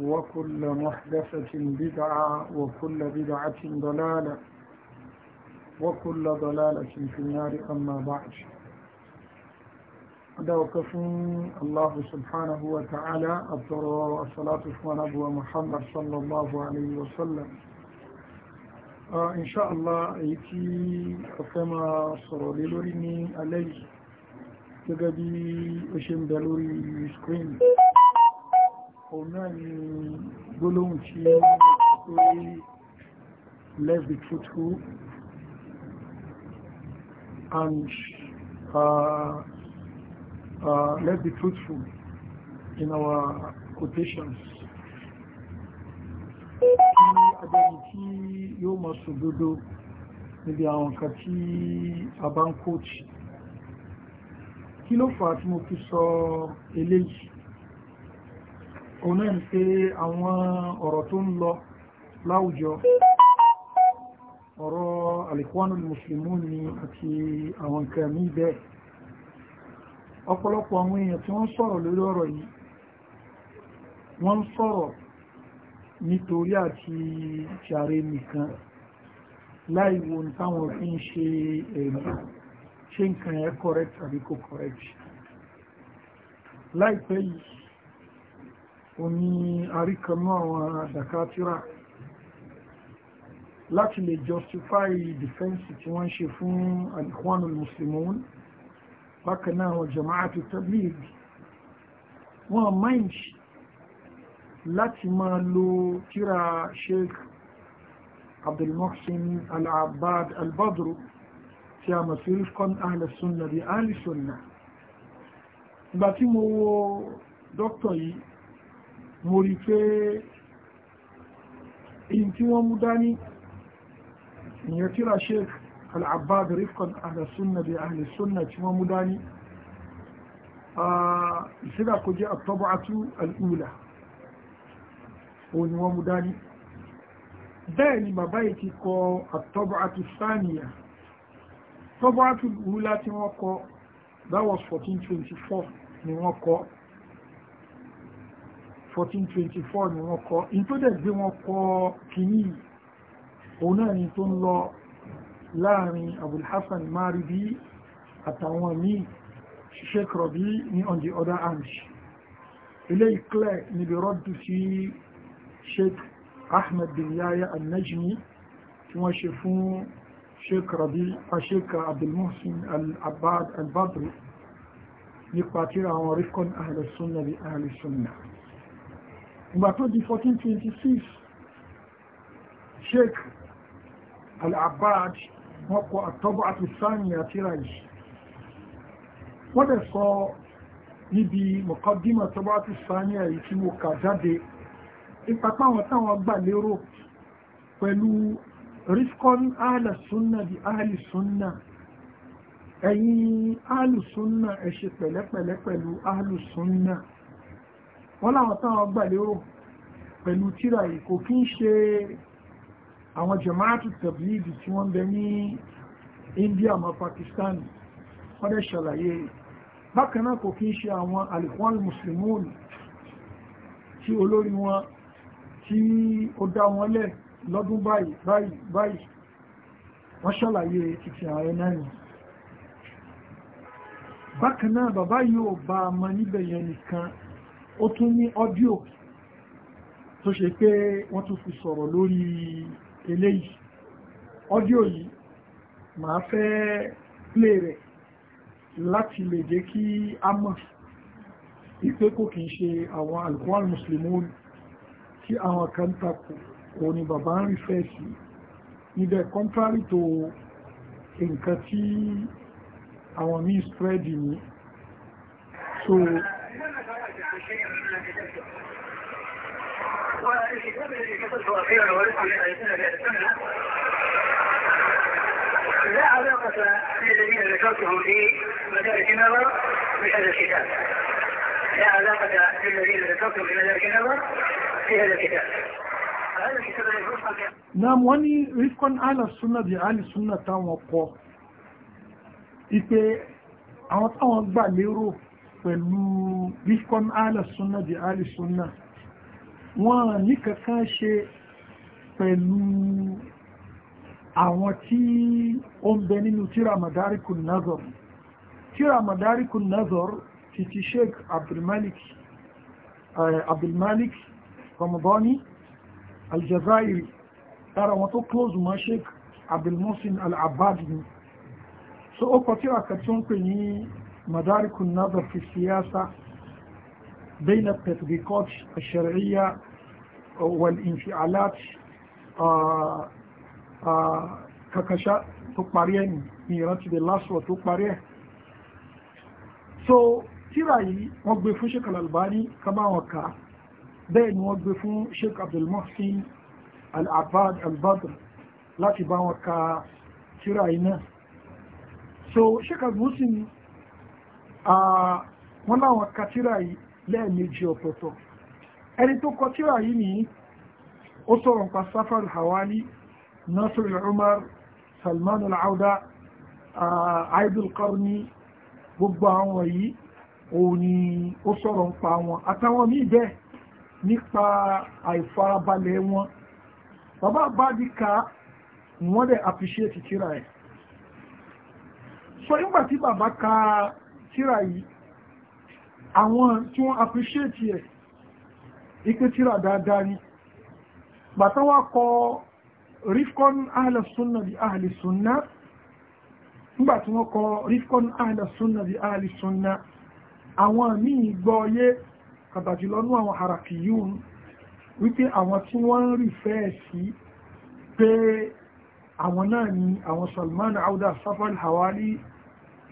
وكل محدثة بدعة وكل بدعة ضلالة وكل ضلالة في النار أما بعد أدوكف الله سبحانه وتعالى أبطر الصلاة ونبوة محمد صلى الله عليه وسلم آه، إن شاء الله أيتي كما صروا للوريني عليه gẹ́gẹ́ bí ó ṣe òun náà ni gbólóhùn tí ó rí let's be truthful and uh, uh let's be truthful in our quotations ní adẹ́ni tí yóò mọ̀ sòdodo níbi àwọn nǹkan tí a bá ń kóòtì kí ló fà tí mo fi sọ eléyìí òun náà ń pé àwọn ọ̀rọ̀ tó ń lọ láwùjọ ọ̀rọ̀ alikwanul muslimun ni àti àwọn nǹkan mí bẹ́ẹ̀ ọ̀pọ̀lọpọ̀ àwọn èèyàn tí wọ́n sọ̀rọ̀ lórí ọ̀rọ̀ yìí wọ́n sọ̀rọ̀ nítorí àti jàre nìkan láìwo táwọn òfin ṣe ẹ̀rí ṣe nǹkan ẹ̀ correct àbí kò correct láìpẹ́ yìí oní àríkanú àwọn àdàkátírà láti lè justify defense tí wọ́n ṣe fún alikhwanul muslimun bákan náà àwọn jama'atu tabligh wọ́n mind láti máa lo tírà sheikh abdulmohsen al-abbad al-badru tí a mọ̀ sí rifkan ahlus sunna bí ahlus sunna ìgbà tí mo wo dókítà yìí mo rí pé in tí wọ́n mú dání ìyẹn tíra sheikh al-abbad rifkan alasunna bi alisunna tí wọ́n mú dání ìsídà kò jẹ́ àtọ́bọ̀tú al'ula òní wọ́n mú dání bẹ́ẹ̀ ni bàbá yìí ti kọ àtọ́bọ̀tú sáníyà tọ́bọ̀tú al'ula tí wọ́n kọ that was 1424 ni wọ́n kọ 1424 ni wọ́n kọ́ in tó dẹ̀ gbé wọn kọ́ kìí òun náà ni tó ń lọ láàrin Abul Hasan Maridi àtàwọn míì Sheikh Rabi ní on the other hand ilé ìkílẹ̀ níbi rọ́dù sí Sheikh Ahmed bin Yahya al-Najmi tí wọ́n ṣe fún Sheikh Rabi a Sheikh al-Abbad al-Badri nípa tíra àwọn rifkon ahlus sunna bí ahlus sunna ìgbà tó di 1426 sheik al-abbad wọ́n kọ àtọ́bọ̀ àti sáàmì àti ráìsì wọ́n dẹ̀ sọ níbi mọ̀kọ́dímọ̀ tọ́bọ̀ àti sáàmì àyí tí mo kà jáde ìpapá wọn táwọn gbà lérò pẹ̀lú rifkon alàsúnnà di alìsúnnà ẹ̀yin alùsúnnà ẹ ṣe pẹ̀lẹ́pẹ̀lẹ́ pẹ̀lú alùsúnnà wọ́n láwọn táwọn gbàlérò pẹ̀lú tíra yìí kò kí ń ṣe àwọn jamaatu tablighi tí wọ́n bẹ ní India ma Pakistan wọ́n dẹ̀ ṣàlàyé bákan náà kò kí ń ṣe àwọn alikhwan muslimun tí olórí wọn tí ó dá wọn lẹ̀ lọ́dún báyìí báyìí báyìí wọ́n ṣàlàyé títí ààrẹ náà ni bàbá yóò bá a mọ níbẹ̀ yẹn nìkan ó tún ní ọ́díò tó ṣe pé wọ́n tún fi sọ̀rọ̀ lórí eléyìí ọ́díò yìí màá fẹ́ plé rẹ̀ láti lè jẹ́ kí a mọ̀ ìpé kò kìí ṣe àwọn alkuwal muslimun tí àwọn kan takò kò ní bàbá ń rí fẹ́ sí níbẹ̀ contrary to nǹkan tí àwọn míì spread ní so والكتاب الذي كتبته اخيرا ولسه من ايتنا لا علاقة للذين ذكرتهم في مدارك النظر بهذا الكتاب لا علاقة للذين ذكرتهم في مدارك النظر في هذا الكتاب واني wọ́n على السنة Alasuna di Alasuna táwọn kọ, ìpé àwọn táwọn gbà lérò pẹ̀lú rifkon alasunna di alisunna wọ́n ní kankan ṣe pẹ̀lú àwọn tí ó ń bẹ nínú tíra madarikun nazar tíra madarikun nazar ti ti sheik abdulmalik eh, abdulmalik ramadani aljazairi tara wọn tó close mọ́ sheik abdulmusin al'abbad ni so ó kọ tíra kan tí ó pè ní مدارك النظر في السياسة بين التطبيقات الشرعية والانفعالات ككشا تقارين ميرات بالله وتقبرين so tíra yìí wọ́n gbé fún sheik al-albani kama wọn ká bẹ́ẹ̀ ni wọ́n gbé fún sheik abdulmohsin al-abad al-badr láti bá wọn ká tíra yìí náà so sheik abdulmohsin wọ́n láwọn ka tírà yìí lẹ́ẹ̀mejì ọ̀tọ̀ọ̀tọ̀ ẹni tó kọ tírà yìí nìyí ó sọ̀rọ̀ nípa Safar hawali Nasir al-Umar Salman al-Auda Aidul Qarni gbogbo àwọn yìí òun ni ó sọ̀rọ̀ nípa wọn àtàwọn míì bẹ́ẹ̀ nípa àìfarabalẹ̀ wọn bàbá àbádìka wọ́n dẹ̀ appreciate tírà ẹ̀ sọ nígbà tí bàbá ka tíra yìí àwọn tí wọ́n appreciate ẹ̀ ipé tíra dáadáa rí bàtán wá kọ rifkon ahla sunna bí ahli sunna nígbà tí wọ́n kọ rifkon ahla sunna bí ahli sunna àwọn míì gbọ́ọ̀yé pàtàkì lọ́nú àwọn harakiyun wípé àwọn tí wọ́n ń rí fẹ́ sí pé àwọn náà ni àwọn Salman Auda Safal Hawali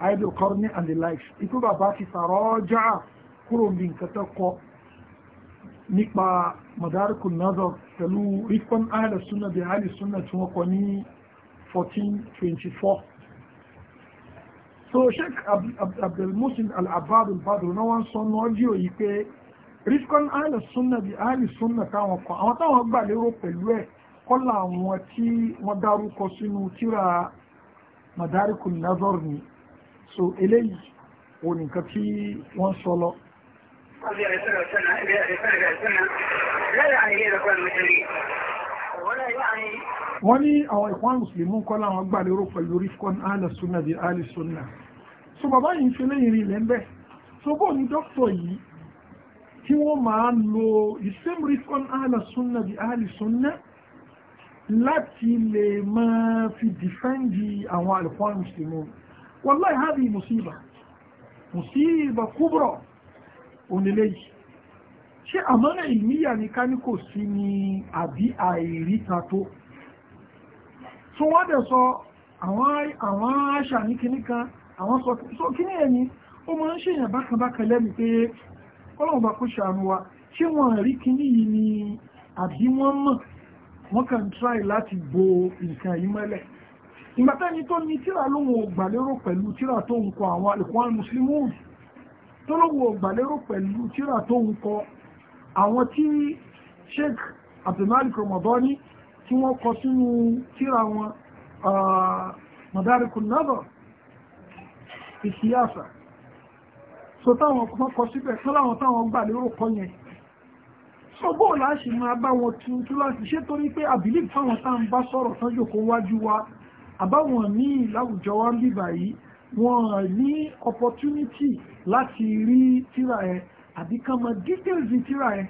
Idle Corny and the likes. Ikú bàbá ti sàrọ́jà kúrò bí nǹkan tó kọ nípa Madarikul Nazar pẹ̀lú Rifan Ahla Sunna bí Ahla Sunna tí wọ́n kọ ní 1424. So Sheikh Abdulmusin Al-Abbad Al-Badr náà wọ́n sọ ní ọjọ́ yìí pé Rifan Ahla Sunna bí Ahla Sunna táwọn kọ. Àwọn táwọn gbà lérò pẹ̀lú ẹ̀ kọ́lá àwọn tí wọ́n dárúkọ sínú tíra Madarikul Nazar ni so eléyìí òun nìkan tí wọ́n sọ lọ wọ́n ní àwọn ìkwọ́n mùsùlùmí kọ́ láwọn gbà lérò pẹ̀lú rifkon alẹ́sùnà di alẹ́sùnà so bàbá yìí ń fi lẹ́yìn rí ilẹ̀ ń bẹ̀ so bó ní dókítọ̀ yìí tí wọ́n máa lo the same rifkon alẹ́sùnà di alẹ́sùnà láti lè máa fi dìfẹ́ǹdì àwọn ìkwọ́n mùsùlùmí والله هذه مصيبة مصيبة كبرى ونليش ṣé àmọ́nà ìmíyà ní káníkò sí ni àbí àìríta tó tó wọ́n dẹ̀ sọ àwọn àṣà ní kíní kan àwọn sọ tó kíní ẹni ó máa ń ṣèyàn bákanbákan lẹ́nu pé ọlọ́run bá kó ṣàánú wa ṣé wọ́n rí kíní yìí ni àbí wọ́n mọ̀ wọ́n kàn tráì láti bo nǹkan yìí mọ́lẹ̀ ìgbàtẹ́ni tó ní tíra lóhun ògbàlérò pẹ̀lú tíra tó ń kọ àwọn Ikhwan Muslimun tó lóhun ògbàlérò pẹ̀lú tíra tó ń kọ àwọn tí Sheikh Abdulmalik Ramadani tí wọ́n kọ sínú tíra wọn Madarikun Nazar fi siyasa so táwọn kan kọ síbẹ̀ sáláwọn táwọn gbà lérò kọ yẹn so bóòlù àṣì máa bá wọn tuntun láti ṣe torí pé I believe táwọn táwọn bá sọ̀rọ̀ sánjò kó wájú wa àbáwọn míì láwùjọ wa ń bíbà yìí wọ́n ní opportunity láti rí tíra ẹ̀ àbí kán mọ details tíra ẹ̀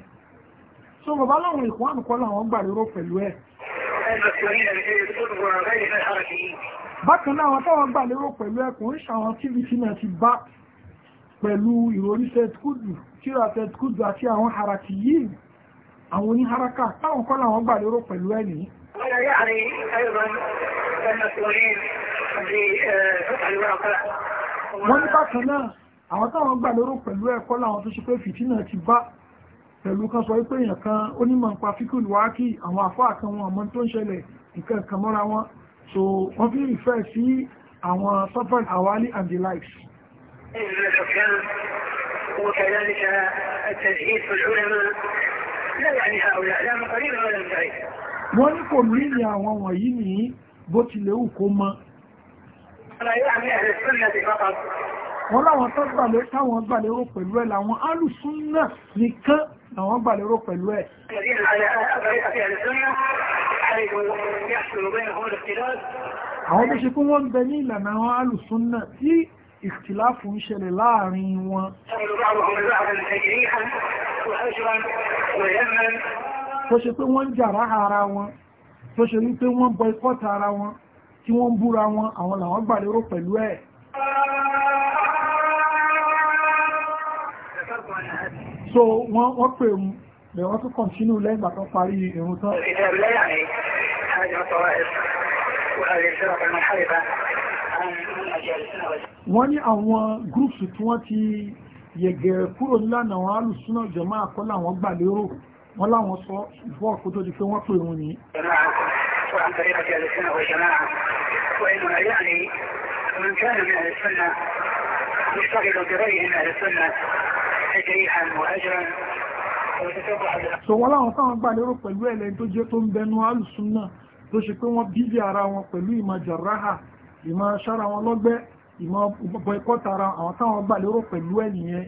so bàbá láwọn ìkọ́ àmìkọ́ làwọn gbà lérò pẹ̀lú ẹ̀ bákan náà táwọn gbà lérò pẹ̀lú ẹ̀ kò ń ṣàwọn tvc náà ti bá pẹ̀lú ìròrí tẹ́tkúdù tíra tẹ́tkúdù àti àwọn haraki yìí àwọn oníharaka táwọn kọ́ làwọn gbà lérò pẹ̀lú ẹ̀ nìyí ولا يعني أيضا المسؤولين بفتح الواقع wọ́n ní bákan náà àwọn táwọn gbà lérò pẹ̀lú ẹ̀kọ́ láwọn tó ṣe pé fìtínà ti bá pẹ̀lú kan sọ wípé èèyàn kan onímọ̀ nípa fíkùlù wákì àwọn àfáà kan wọn àmọ́ tó ń ṣẹlẹ̀ nǹkan kan mọ́ra wọn so wọ́n fi refer sí àwọn suffered awali and the likes. وكذلك التزهيد في لا يعني هؤلاء لا من قريب wọ́n ní kò rí ní àwọn wọ̀nyí ní bó tilẹ̀ wù kó mọ́ wọ́n láwọn tó gbàlẹ̀ táwọn gbàlérò pẹ̀lú ẹ̀ làwọn alùsúnnà nìkan làwọn gbàlérò pẹ̀lú ẹ̀ àwọn bí ṣe kún wọ́n bẹ ní ìlànà àwọn alùsúnnà tí ìkìláàfù ń ṣẹlẹ̀ láàrin wọn tó pé wọ́n jàrá ara wọn tó ṣe wípé wọ́n ń boycott ara wọn tí wọ́n búra wọn àwọn làwọn gbàlérò pẹ̀lú ẹ̀ so wọ́n wọ́n pè mú bẹ̀ wọ́n tún continue lẹ́yìn ìgbà tó parí ìrun tán wọ́n ní àwọn gúrùsù tí wọ́n ti yẹ̀gẹ̀rẹ̀ kúrò nílànà àwọn alùsúnà jàmáà àkọ́lá àwọn gbàlérò wọ́n láwọn sọ ìfọ́ ọ̀kú tó di pé wọ́n pè wọn ní. وعن طريقة أهل السنة والجماعة وإنما يعني من كان من السنة يشتغل بغير من أهل السنة تجريحا وأجرا so wọ́n láwọn táwọn gbà lérò pẹ̀lú ẹ̀lẹ́ tó jẹ́ tó ń bẹnu alùsùn náà tó ṣe pé wọ́n bíbí ara wọn pẹ̀lú ìmọ̀ jàráhà ìmọ̀ ṣára wọn lọ́gbẹ́ ìmọ̀ bọ̀ẹ̀kọ́ta ara àwọn táwọn gbà lérò pẹ̀lú ẹ̀nìyẹn.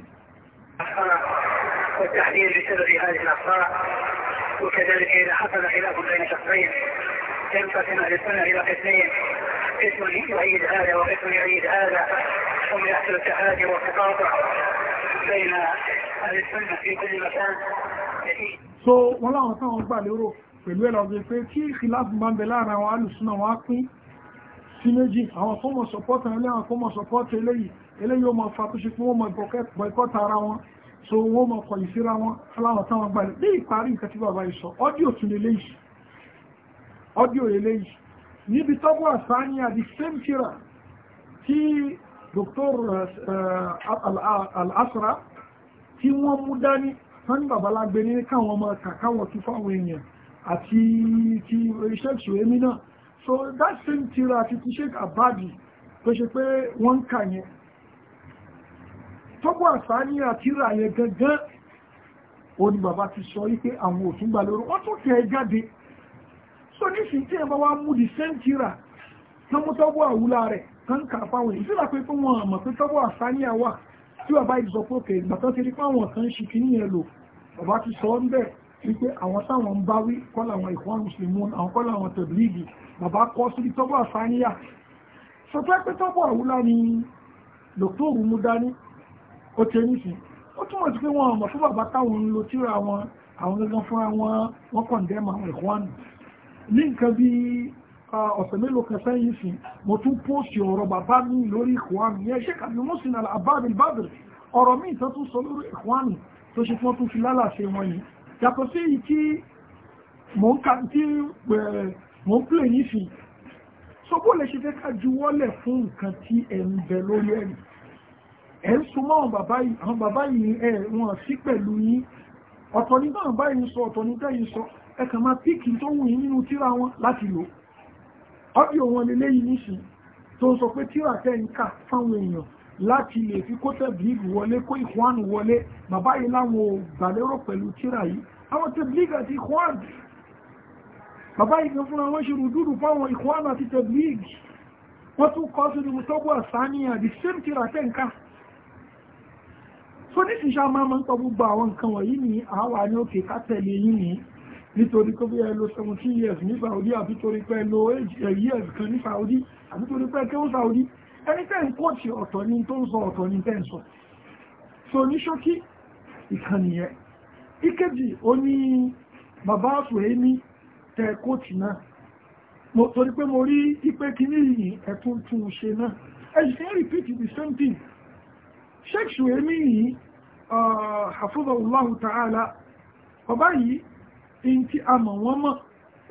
ọ̀tàdé وكذلك إذا حصل خلاف بين شخصين ينقسم أهل السنة إلى قسمين قسم يؤيد هذا وقسم يؤيد هذا ثم يحصل التحادي والتقاطع بين أهل السنة في كل مكان so wọ́n láwọn táwọn gbà lérò pẹ̀lú ẹ̀ lọ́gbẹ̀ pé kí ìkìláàfù máa ń bẹ láàrin àwọn alùsùnà wọn á pín sí méjì àwọn fọ́mọ̀ sọpọ́tà eléyìí fọ́mọ̀ sọpọ́tà eléyìí eléyìí ó máa fa tó ṣe pé wọ́n máa bọ̀kẹ́tà ara wọn so owó mọ̀ kọ̀ ìsíra wọn aláwọ̀ táwọn gbalẹ̀ ní ìparí nǹkan tí bàbá ìsọ ọdíò tún lè léyìí ọdíò lè léyìí níbi tọ́bù àsáníà the same tira tí Dr. Al-Asra tí wọ́n mú dání wọ́n ní bàbá lágbé ní káwọn ọmọ kàkáwọn tún fáwọn èèyàn àti ti research èmi náà so that same tira àti ti Sheikh Abadi tó ṣe pé wọ́n ń kà yẹn tọ́gbọ́ àsáni àtìrà yẹn gangan ó ní bàbá ti sọ wípé àwọn òtún gbà lóru wọ́n tún tẹ̀ jáde so nísìnyí tí ẹ bá wá mú di sẹ́ńtìrà tán mú tọ́gbọ́ àwùlá rẹ̀ tán kà fáwọn èyí sílà pé fún wọn àmọ̀ pé tọ́gbọ́ àsáni àwà tí bàbá ìsọ pé òkè ìgbà tán ti rí fáwọn kan ṣì ni dókítà mú ó tẹ nísìn ó túmọ̀ sí pé wọn ọmọ fún bàbá táwọn ń lo tíra wọn àwọn gangan fúnra wọn wọn kàn dẹ́mọ̀ àwọn ẹ̀kọ́ àná ní nǹkan bí ọ̀sẹ̀ mélòó kan sẹ́yìn sìn mo tún póòsì ọ̀rọ̀ bàbá mi lórí ẹ̀kọ́ àná yẹn ṣé kàbí mo sì nàlà àbábẹ̀ ìbábẹ̀ ọ̀rọ̀ mi ìtàn tún sọ lórí ẹ̀kọ́ tó ṣe fún tún fi lálàṣẹ wọn yìí yàtọ̀ sí èyí tí mò ń ka tí mò ń pè yìí sìn so bó lè ṣe fẹ́ ká juwọ́lẹ̀ fún nǹkan tí ẹ̀ ń bẹ lórí ẹ̀yìn ẹ̀ ń súnmọ́ àwọn bàbá yìí àwọn bàbá yìí ẹ̀ wọ́n sí pẹ̀lú yín ọ̀tọ̀ ní báwọn báyìí sọ ọ̀tọ̀ ní tẹ́yìn sọ ẹ kàn máa píkì tó wù yín nínú tíra wọn láti lò ọ́bí òun lélẹ́yìn nísìn tó sọ pé tíra tẹ́ ń kà fáwọn èèyàn láti lè fi kó tẹ̀blíg wọlé kó ìkwánu wọlé bàbá yìí láwọn ò gbàlérò pẹ̀lú tíra yìí àwọn tẹ̀blíg àti ìkwánu bàbá yìí kan fúnra wọn ṣe rùdúrù fáwọn ìkwánu àti tẹ̀blíg wọ́n tún kọ́ sínú mùsọ́gbọ̀ àsáníyà the same tíra tẹ́ ń kà so ní ṣíṣá máa máa ń tọ́ gbogbo àwọn nǹkan wọ̀nyí ní àwa ní òkè ká tẹ̀lé yín ní nítorí pé bí ẹ lò seventeen years ní Saudi àbí torí pé lo eight eh, years kan ní Saudi àbí torí pé kéwọ́n Saudi ẹni tẹ́ ń kọ́ọ̀tì ọ̀tọ̀ ni tó ń sọ ọ̀tọ̀ ni tẹ́ ń sọ so ní ṣókí ìkànnì ìkejì ó ní bàbá àfòrẹ́ ní tẹ kóòtù náà mo torí pé mo rí ipé kíní yìí ẹ̀tún tún ṣe náà ẹ̀yìn rí repeat the same thing sheikh suwemi yìí àfúnbọ̀ Allahu ta'ala ọba yìí in tí a mọ̀ wọ́n mọ̀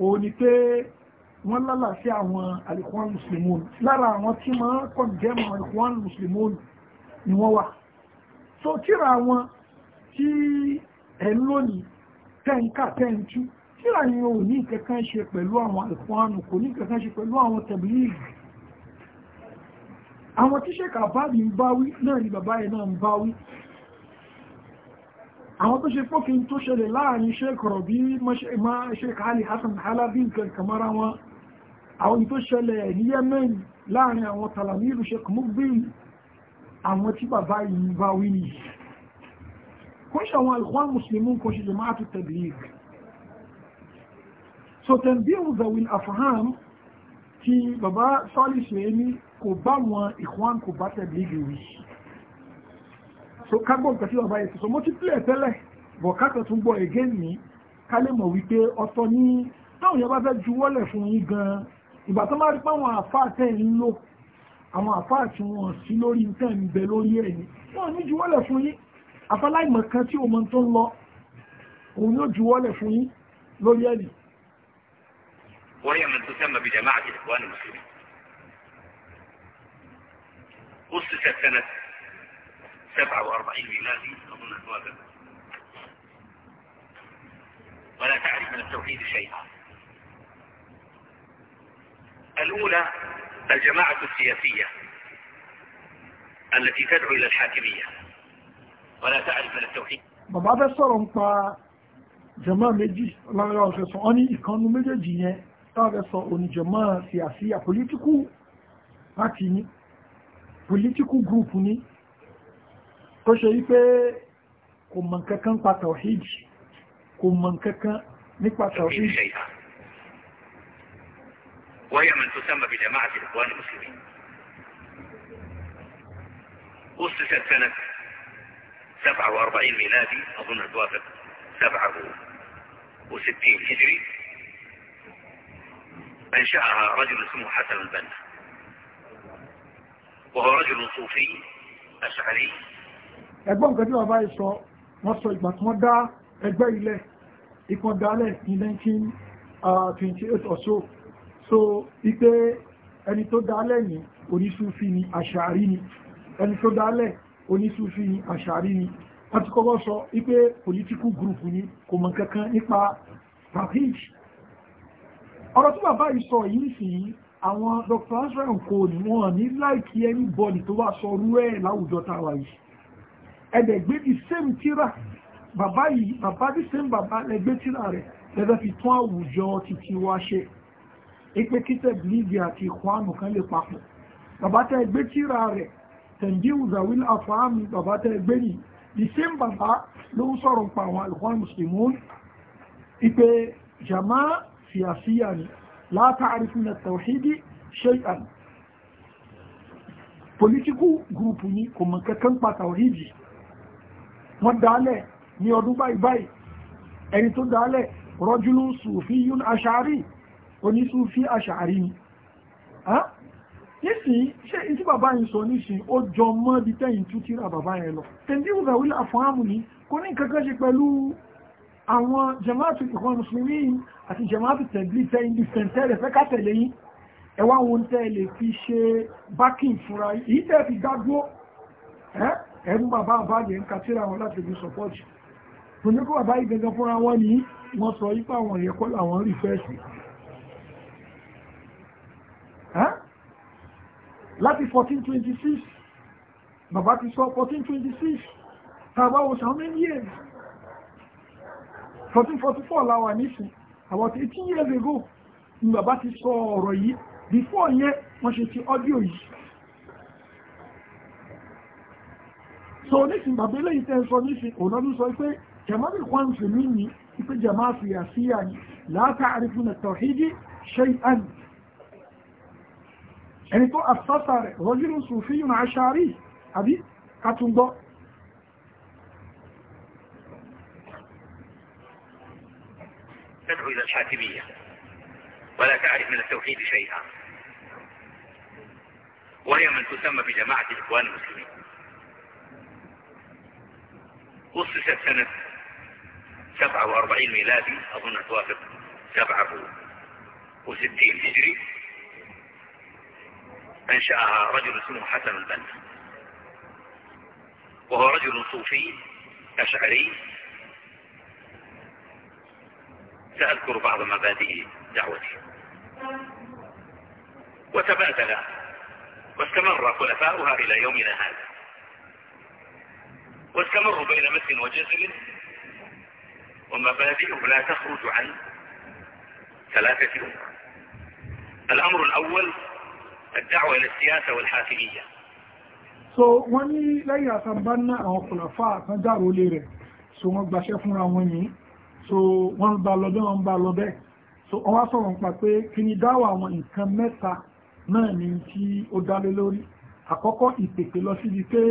òun ni pé wọ́n lálà sí àwọn alìkọ́n muslimun lára àwọn tí máa kọ̀ jẹ́ mọ̀ alìkọ́n muslimun ni wọ́n wà so kíra wọn tí ẹ̀ ń lónìí tẹ́ǹkà tẹ́ǹtú kíra ni o ní kankan ṣe pẹ̀lú àwọn alìkọ́n kò ní kankan ṣe pẹ̀lú àwọn tẹ̀bílíìgì àwọn tíṣẹ́kà bá mi ń báwí náà ni bàbá yẹn náà ń báwí àwọn tó ṣe pókin tó ṣẹlẹ̀ láàrin Sheikh Rabi Sheikh Ali Hassan Halabi nǹkan kamara wọn àwọn tó ṣẹlẹ̀ ní Yemen láàrin àwọn talamiru Sheikh Mukbil àwọn tí bàbá yìí bá wí nìyí kó ṣe àwọn Ikhwan Muslimun kó ṣe Jama'atu Tabligh so tanbihu zawil afham tí bàbá sọ́lì ṣe ní kò bá wọn Ikhwan kò bá Tabligh wí so ká gbọ́ nǹkan sí bàbá yẹn sọ mo ti pílẹ̀ tẹ́lẹ̀ bọ̀ kákan tún gbọ́ again ní ká lè mọ̀ wípé ọ̀tọ̀ ní táwọn yẹn bá fẹ́ juwọ́lẹ̀ fún yín gan-an ìgbà tó máa rí pé àwọn àfáà tẹ̀ ń lò àwọn àfáà tí wọ́n sí lórí tẹ̀ ń bẹ lórí ẹ̀ ní wọ́n ní juwọ́lẹ̀ fún yín afáláìmọ̀ kan tí o mọ̀ tó ń lọ òun yóò juwọ́lẹ̀ fún yín lórí ẹ̀ ní. wọ́n yẹ سبع وأربعين ميلادي أظن أدوابا ولا تعرف من التوحيد شيئا الأولى الجماعة السياسية التي تدعو إلى الحاكمية ولا تعرف من التوحيد بابا بسرم فا جماعة مجيس لا يوجد سعوني إيكانو مجيجيني تابع سعوني جماعة سياسية tó ṣe yí pé kò mọ̀ kankan pa tawhid kò mọ̀ kankan nípa tawhid وهي من تسمى بجماعة الإخوان المسلمين أسست سنة 47 ميلادي أظن توافق 67 هجري أنشأها رجل اسمه حسن البنا وهو رجل صوفي أشعري ẹgbọ́n nǹkan tí bàbá yìí sọ wọ́n sọ ìgbà tí wọ́n dá ẹgbẹ́ ilẹ̀ ikọ̀ dálẹ̀ ní 1928 uh, or so so ipe ẹni tó dálẹ̀ ní oníṣúfí ni àṣàrí ni ẹni tó dálẹ̀ oníṣúfí ni àṣàrí ni wọ́n ti kọ́kọ́ sọ ipe political group ni kò mọ̀ kankan nípa tawhid ọ̀rọ̀ tí bàbá yìí sọ yìí nìsín àwọn Dr. Azra Nko ni wọ́n ní láìkí ẹni bọ́ọ̀lì tó wà sọ rú ẹ̀ láwùjọ táwa yìí ẹ̀dẹ̀ gbé di same tíra bàbá yìí bàbá di same bàbá lẹ́gbẹ́ tíra rẹ̀ lẹ́gbẹ́ fi tún àwùjọ títí wá ṣe ipe kíta bìlíbi àti ìkwánu kan lè papọ̀ bàbá tẹ́ ẹgbẹ́ tíra rẹ̀ tẹ̀ǹdí ìwùzàwíl àfààmì bàbá tẹ́ ẹgbẹ́ ni the same bàbá ló ń sọ̀rọ̀ pa àwọn alùpàá mùsùlùmí ipe jama siyasiya ni la ta'rifuna tawhidi shay'an political group ni kò mọ̀ kankan pa wọ́n dálẹ̀ ní ọdún báyìí báyìí ẹni tó dálẹ̀ rọ́júlù sùfí yún aṣàárì onísùfí aṣàárì ni nísìnyí ṣé ìtí bàbá yìí sọ nísìnyí ó jọ mọ́ bí tẹ́yìn tú tíra bàbá yẹn lọ tẹ̀lé ìwúdà wílẹ̀ àfọ́hámù ni kò ní kankan ṣe pẹ̀lú àwọn jamaatu ìkan mùsùlùmí àti jamaatu tẹ̀lé tẹ́yìn dìfẹ̀ntẹ́ rẹ̀ fẹ́ ká yín ẹ̀wá wọn tẹ́ lè fi ṣe bákìn fúnra yìí tẹ́ fi dá ẹ̀rú bàbá àbáyé ń ka tíra wọn láti fi sọpọ́ọ̀tì kò ní kó bàbá ìgbẹ̀gẹ̀ fúnra wọn ni wọ́n sọ ipá àwọn yẹn kọ́ làwọn rí fẹ́ẹ̀sì láti 1426 bàbá ti sọ 1426 tàbá wo how many years 1444 láwà nísìn about 18 years ago ni bàbá ti sọ ọ̀rọ̀ yìí before yẹn wọ́n ṣe ti audio yìí so oníṣìn bàbá eléyìí tẹ́ sọ níṣìn ònàdún sọ pé jamaat kwan fi mí ni pé jamaat fi àṣìyà ni láàkà àrífún tawhidi shay'an ẹni tó àṣàṣà rẹ̀ rọ́jìlù sùfíyùn àṣàrí àbí kàtúngbọ́ تدعو إلى الحاتمية ولا تعرف من التوحيد شيئا وهي من تسمى بجماعة الإخوان المسلمين أسست سنة 47 ميلادي أظن توافق 67 هجري أنشأها رجل اسمه حسن البنا وهو رجل صوفي أشعري سأذكر بعض مبادئ دعوته وتبادل واستمر خلفاؤها إلى يومنا هذا والتمر بين مثل وجزل ومبادئه لا تخرج عن ثلاثة أمور الأمر الأول الدعوة إلى السياسة والحاكمية so wọ́n ní lẹ́yìn àtàbá náà àwọn kùlàfà kan dárò lé rẹ̀ so wọ́n gbaṣẹ́ fúnra wọn yìí so wọ́n ń lọ bẹ́ẹ̀ wọ́n ń lọ bẹ́ẹ̀ so wọ́n wá sọ̀rọ̀ nípa pé kí ni dáwọ̀ àwọn nǹkan mẹ́ta náà ni tí ó dálé lórí àkọ́kọ́ ìpèpè lọ síbi pé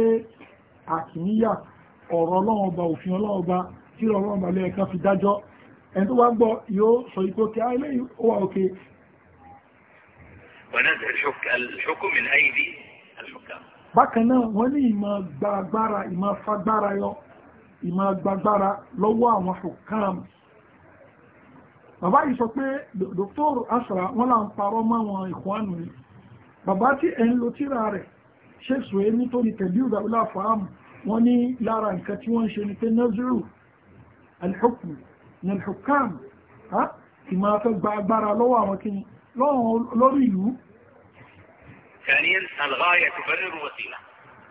àkìíyà ọ̀rọ̀ ọlọ́run ọba òfin ọlọ́run ọba tí ọlọ́run ọba lẹ́yìn kan fi dájọ́ ẹni tó wá gbọ́ yóò sọ ipò kí á lẹ́yìn ó wà òkè. bákan náà wọ́n ní ìmọ̀ gbàgbára ìmọ̀ fagbára yọ ìmọ̀ gbàgbára lọ́wọ́ àwọn hukam bàbá yìí sọ pé dr asra wọ́n là ń parọ́ mọ́ àwọn ìkùnánù ni bàbá tí ẹ̀ ń lo tíra rẹ̀ ṣe sùn nítorí tẹ̀lé ìdàgbàlá wọ́n ní lára nǹkan tí wọ́n ṣe ní pé naziru alhukm ní alhukam kì máa fẹ́ gba agbára lọ́wọ́ àwọn kí lórí ìlú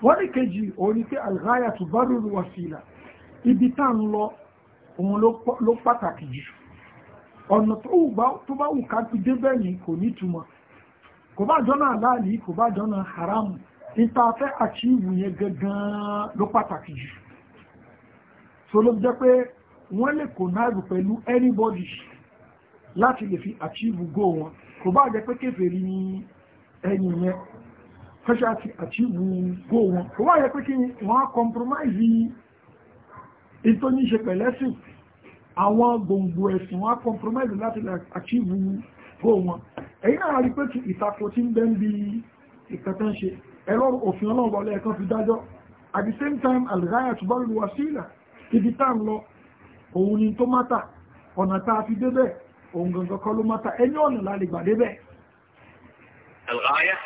wọ́n ní kejì òun ni pé alghaya tubarru wasila ibi tá ń lọ òun ló pàtàkì jù ọ̀nà tó bá wù ká fi débẹ̀ ní kò ní túmọ̀ kò bá jọ́nà aláàlì kò bá jọ́nà haramu ìta fẹ́ àṣíwù yẹn gangan ló pàtàkì jù so ló jẹ́ pé wọ́n lè kò náàrù pẹ̀lú anybody láti lè fi àṣíwù gó wọn kò bá jẹ́ pé kéfèrí ní ẹni yẹn fẹ́ṣẹ́ àti àṣíwù gó wọn kò bá jẹ́ pé kí wọ́n á compromise ìtò ní ṣe pẹ̀lẹ́sìn àwọn gbòǹgbò ẹ̀sìn wọ́n á compromise láti lè àṣíwù gó wọn èyí náà rí pé ìtakò tí ń bẹ́ ń bi ìkàtàn ṣe ẹlọ́rùn òfin ọlọ́run ọlẹ́ ẹ̀kan fi dájọ́ at the same time alghaya tó bá lù wá sí ìlà ibi tá ń lọ òun ni tó mátà ọ̀nà tá a fi débẹ̀ òun gangan kọ́ ló mátà ẹni ọ̀nà la lè gbà débẹ̀. الغاية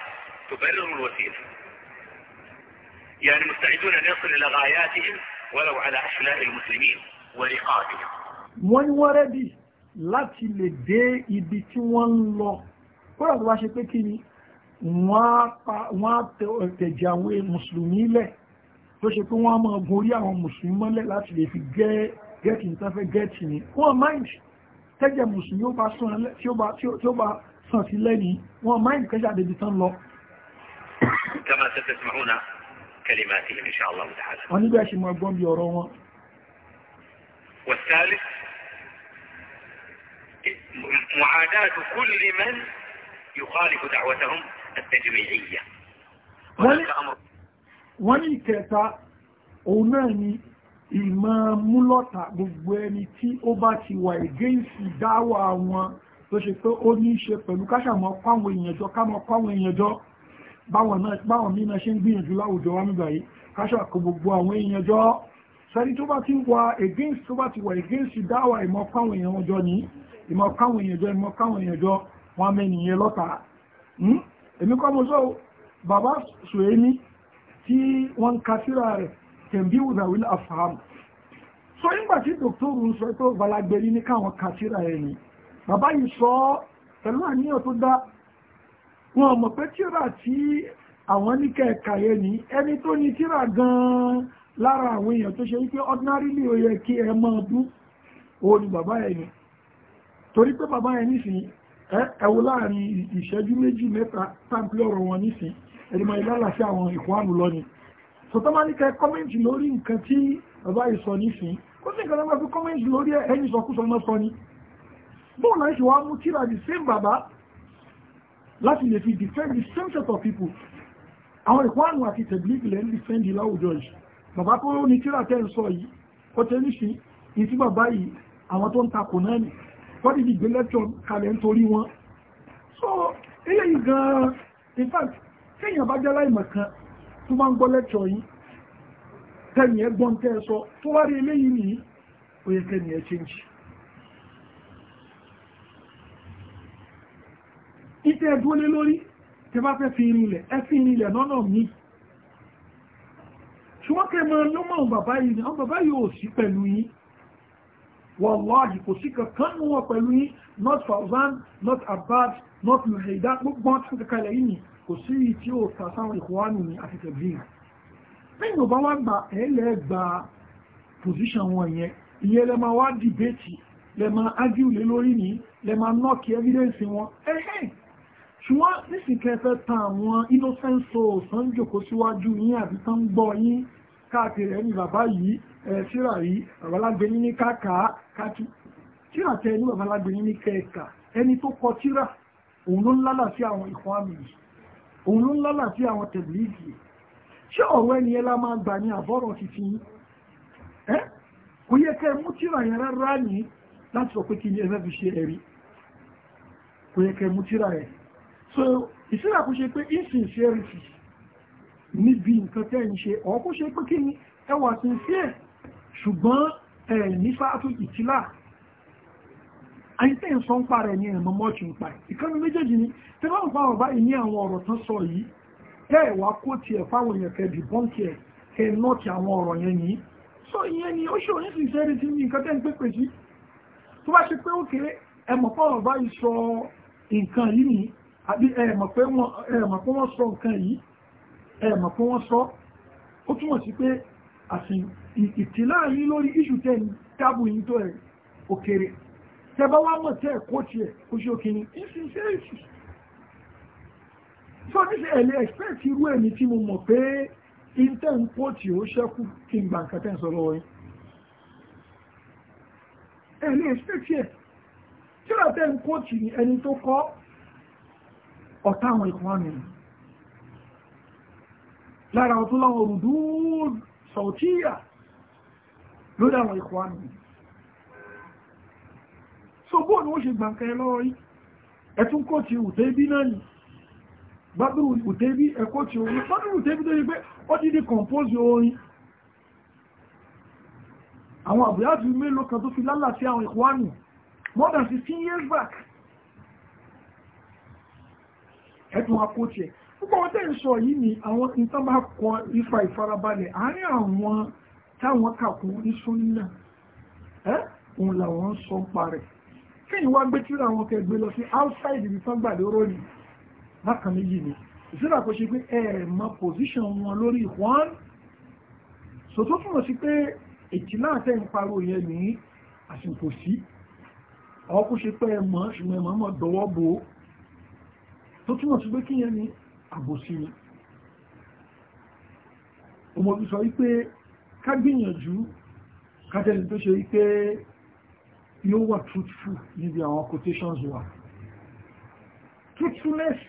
تبرر الوسيلة يعني مستعدون أن يصل إلى غاياتهم ولو على أحلاء المسلمين ورقابهم wọ́n wọ́rẹ́ bí láti lè dé ibi tí wọ́n ń lọ kó wọ́n á tẹ̀jẹ̀ àwọn mùsùlùmí lẹ̀ tó ṣe pé wọ́n á máa gorí àwọn mùsùlùmí mọ́lẹ̀ láti lè fi gẹ́ẹ̀tì nǹkan fẹ́ gẹ́ẹ̀tì ni wọ́n mind tẹ́jẹ̀ mùsùlùmí tí ó bá sàn sí lẹ́ni wọ́n mind kẹ́ṣà débi tán lọ. kama ستسمعون كلماتهم إن شاء الله تعالى wọ́n níbẹ̀ ṣe mọ ẹgbọ́n bí ọ̀rọ̀ wọn. والثالث معاداة كل من يخالف دعوتهم التجميعية wọ́n ní ìkẹta òun náà ni ìmọ̀ múlọ́ta gbogbo ẹni tí ó bá ti wà ìgéǹsì dáwà wọn tó ṣe pé ó ní ṣe pẹ̀lú káṣàmọ́ pàwọn èèyàn jọ kámọ́ pàwọn èèyàn jọ báwọn mí náà ṣe ń gbìyànjú láwùjọ wá nígbà yìí káṣàkó gbogbo àwọn èèyàn jọ sẹ́ni tó bá ti wà against tó bá ti wà against dáwà ìmọ̀ pàwọn èèyàn jọ ní ìmọ̀ pàwọn èèyàn jọ ìmọ̀ pàwọn èèyàn jọ wọn mẹ́niyàn lọ́ta èmi kọ́ mo sọ bàbá sùwémi tí wọ́n ń ka síra rẹ̀ tẹ̀m̀bí ìdàwílì àfààmù sọ nígbà tí dòktóru ń sọ tó balagbèrí ní káwọn ka síra ẹ̀ ni bàbá yìí sọ pẹ̀lú àníyàn tó dá wọn mọ̀ pé tíra tí àwọn ní kẹ̀ẹ̀ka yẹn ni ẹni tó ní tíra gan-an lára àwọn èèyàn tó ṣe wípé ordinarily ó yẹ kí ẹ máa dún òun ni bàbá ẹ̀ ni torí pé bàbá ẹ̀ nísìnyí ẹwọ láàrin ìṣẹ́jú méjì mẹ́ta tàbí ọ̀rọ̀ wọn nísìn ẹ̀rìmọ̀ ìlàlàfẹ́ àwọn ìkùnánù lọ ni sọtọ́mánikẹ́ kọ́mẹ́ǹtì lórí nǹkan tí bàbá ìsọ nísìn ó sì nǹkan lọ́gbàá fún kọ́mẹ́ǹtì lórí ẹ̀yìn sọkúsọ náà sọ ni bóun láì ṣe wá mú tíra the same bàbá láti lè fi defend the same set of people àwọn ìkùnánù àti tẹ̀blíkì lẹ́ ń defend láwùjọ yìí bàbá tó ní tíra tẹ́ ń sọ yìí ó tẹ́ níṣìí ìtí bàbá yìí àwọn tó ń takò náà nìyí wọ́n ti dìgbé lẹ́tọ̀ kalẹ̀ nítorí wọn so eléyìí gan-an in fact kéèyàn bá jẹ́ láìmọ̀ kan tó máa ń gbọ́ lẹ́tọ̀ yìí tẹ̀yìn ẹ gbọ́n tẹ́ ẹ sọ tó wá rí eléyìí nìyí ó yẹ kẹ́ni ẹ ṣéǹjì ìtẹ́ ẹ̀dúólé lórí tẹ bá fẹ́ fi irinlẹ̀ ẹ fi irinlẹ̀ lọ́nà mi ṣùgbọ́n kẹ́ mọ́ ló mọ̀ bàbá yìí ni àwọn bàbá yìí ò sí pẹ̀lú yìí wọ́láhì kò sí kankan ní wọn pẹ̀lú yí not Fawzan not abad، not Muhaida gbogbo wọn ti kalẹ̀ yìí ni kò sí yìí tí ó ta sáwọn ìkọ̀wánu ní àfihàn bí i lẹ́yìn wá gba ẹ̀ẹ́lẹ́ gba position wọn yẹn ìyẹn lẹ máa wá dìbẹ́tì lẹ máa ágíù lé lórí ní lẹ máa nọ́ọ̀kì evidence wọn ẹ̀ẹ́ ṣùgbọ́n nísìnkẹ́ fẹ́ ta àwọn innocent souls tó ń jòkó síwájú yín àbí tó ń gbọ́ yín káàkiri ẹni bàbá yìí síra yìí babalágbèní ní káàkà káàkì síra tẹ ní babalágbèní ní kẹẹ̀ka ẹni tó kọ síra òun ló ń lálà sí àwọn ìkọ́ àmì yìí òun ló ń lálà sí àwọn tẹ̀blíìgì yìí ṣé ọ̀rọ̀ ẹni ẹ la máa gbà ní àbọ̀rọ̀ títí yín kò yẹ kẹ́ mú tíra yẹn rárá ní láti sọ pé kí ni ẹ fẹ́ fi ṣe ẹ̀rí kò yẹ kẹ́ mú tíra yẹn so ìsíra kò ṣe pé insincerity níbi nǹkan tẹ́ ń ṣe ọ̀ kò ṣe pé kí ni ẹwà sincere ṣùgbọ́n ẹ̀ ní fàátù ìtìlá àìsẹ́ ìsọ ń pa rẹ̀ ní ẹ̀mọ́ mọ́ọ̀tì ń pa ìkànnì méjèèjì ni tí wọ́n ń fa ọ̀bá ìní àwọn ọ̀rọ̀ tán sọ yìí tẹ́ ẹ̀ wá kó tiẹ̀ fáwọn èèyàn kẹbi bọ́ǹkì ẹ̀ kẹ nọ́ọ̀tì àwọn ọ̀rọ̀ yẹn ni sọ ìyẹn ni ó ṣe oníṣìṣẹ́ rí ti ní nǹkan tẹ́ fáwọn ọ̀bá yìí sọ nǹkan sí pé àsìn ìtìlá yìí lórí iṣu tẹ́ ní tábù yìí tó ẹ̀ òkèrè tẹ́bá wá mọ̀ tẹ́ ẹ̀kọ́ tiẹ̀ oṣù kìíní ìsìn ṣe é sì so this early expect irú ẹ̀mí tí mo mọ̀ pé intern pọ́ọ̀tì ó ṣẹ́kù kí n gbà nǹkan tẹ́ ń sọ lọ́wọ́ yìí early expect yẹ tí ó tẹ́ ń pọ́ọ̀tì ní ẹni tó kọ́ ọ̀tá àwọn ìkọ́ àmì lára ọ̀tún láwọn òrùdúró sọ̀tíyà lórí àwọn ikọ̀ àmì so bóò ni wọ́n ṣe gbàǹkà ẹ lọ́wọ́ yìí ẹ̀tún kó ti ùtẹ́bí náà ni gbádùn ùtẹ́bí ẹ̀kọ́ ti orin gbádùn ùtẹ́bí tó yí pé ó dídí kọ̀mpóòsì orin àwọn more than 15 years back ẹ̀tún akó ti púpọ̀ wọ́n tẹ́ ń sọ yìí ni àwọn nǹkan bá kọ ifá ìfarabalẹ̀ àárín àwọn táwọn kàkún iṣu náà ẹ́ òun làwọn sọ ń parẹ̀ kí ni wá gbé tíra àwọn kẹgbẹ lọ sí outside ibi tán gbà lóró ni bákan méjì ni ìṣúra kò ṣe pé ẹ mọ position wọn lórí ìwọ́n sòtó túmọ̀ sí pé ètì náà tẹ́ ń pariwo yẹn ní àsìkò sí ọkùnṣe pé ẹ mọ̀ ṣùgbọ́n ẹ mọ̀ mọ̀ dọwọ́ bò ó tó túmọ̀ sí pé kí yẹn ni àbòsí ni ọmọ bí sọ wípé ká gbìyànjú kájẹ́lì tó ṣe wípé yóò wà truthful níbi àwọn quotations wa truthfulness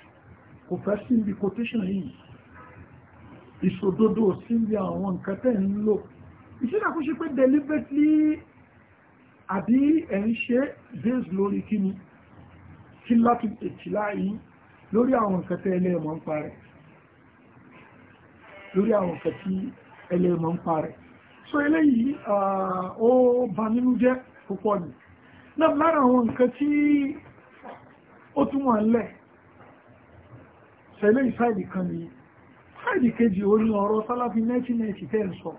kò fẹ́ sí ibi quotation yìí ìṣòdodo sí ibi àwọn nǹkan tẹ́ ń lò ìṣẹ́dà kó ṣe pé deliberately àbí ẹ̀ ń ṣe based lórí kíni kí látún ètìlá lórí àwọn nǹkan tí ẹlẹ́mọ̀ ń parẹ́ lórí àwọn nǹkan tí ẹlẹ́mọ̀ ń parẹ́ so eléyìí ó bà nínú jẹ́ púpọ̀ ni náà lára àwọn nǹkan tí ó túnmọ̀ lẹ̀ sẹ́lẹ̀ ìsáìdì kan ni sáìdì kejì ó ní ọ̀rọ̀ sáláfí 1990 tẹ́ ń sọ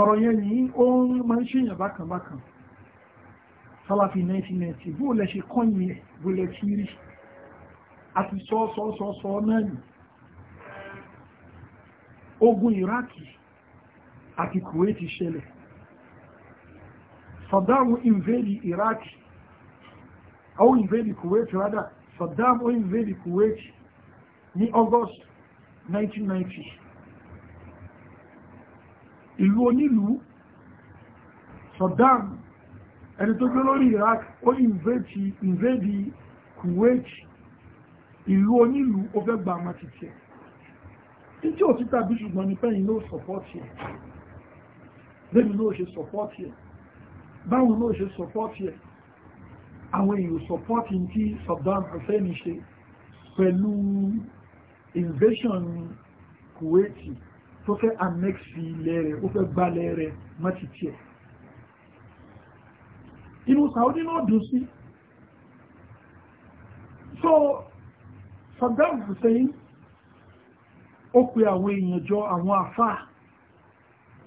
ọ̀rọ̀ yẹn ni ó ń máa ń ṣèyàn bákan bákan sáláfí 1990 bó lẹ ṣe kọ́ yẹn bó lẹ ti rí àti sọ́ọ̀sọ́ọ̀sọ́ náà yìí ogun iraki àti kuwait ṣẹlẹ̀ saddam invade iraq ó invade kuwait rádà saddam ó invade kuwait ní august 1990 ìlú onílùú saddam ẹni tó gbé lórí iraq ó invade invade kuwait ìlú onílù ó fẹ́ gba àmà ti tiẹ̀ títí ò títà bí ṣùgbọ́n ní pẹ́yìn ló sọ̀pọ́tì ẹ̀ lẹ́mi ló ṣe sọ̀pọ́tì ẹ̀ báwọn ló ṣe sọ̀pọ́tì ẹ̀ àwọn èèyàn sọ̀pọ́tì tí Saddam Hussein ṣe pẹ̀lú invasion Kuwait tó fẹ́ annex ilẹ̀ rẹ̀ ó fẹ́ gbalẹ̀ rẹ̀ mọ́ ti tiẹ̀ inú Saudi náà dùn sí so Saddam Hussein o pe àwọn èèyàn jọ àwọn àfáà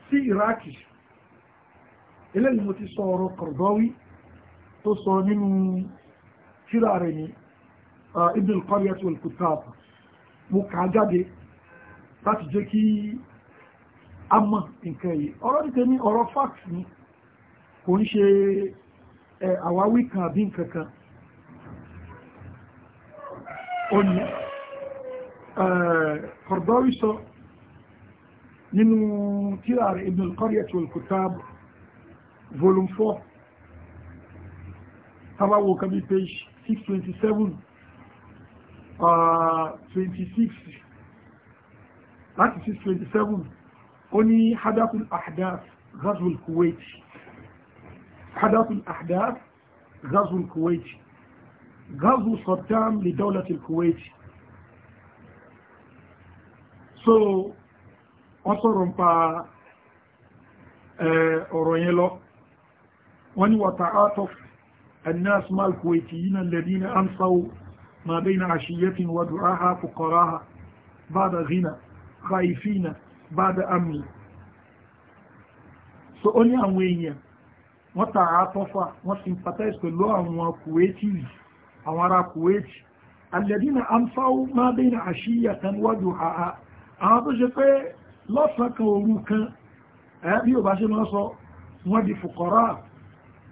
sí Iraki eléyìí mo ti sọ ọ̀rọ̀ Qaradawi tó sọ nínú tírà rẹ̀ ní Ibn al-Qaryat wal-Kuttab mo kà á jáde láti jẹ́ kí a mọ̀ nǹkan yìí ọ̀rọ̀ ti tẹ́ni ọ̀rọ̀ ni kò ń ṣe àwáwí kan àbí nǹkan kan ó ní Qardawi sọ nínú tíra rẹ̀ Ibn al-Qaryah wal-Kutab volume 4 tabawo kabi page 627 uh, 26 láti 627 ó ní hadathul ahdaf ghazwul kuwait hadathul ahdaf ghazwul kuwait غزو صدام لدولة الكويت so wọ́n sọ̀rọ̀ ń pa ọ̀rọ̀ yẹn lọ wọ́n ni wata atof الناس مع الكويتيين الذين أمسوا ما بين عشية ودعاها فقراها بعد غنى خائفين بعد أمن so ó ní àwọn èèyàn wọ́n ta àtọ́fà wọ́n sympathize pẹ̀lú àwọn Kuwaitis àwọn ará kuwait alẹ́dínà amfáwó máa bẹ́ ìnà àṣíyà tán wájú àá àwọn tó ṣe pé lọ́sàn kan òru kan bí ò bá ṣe máa sọ wọ́n di fòkọ́rá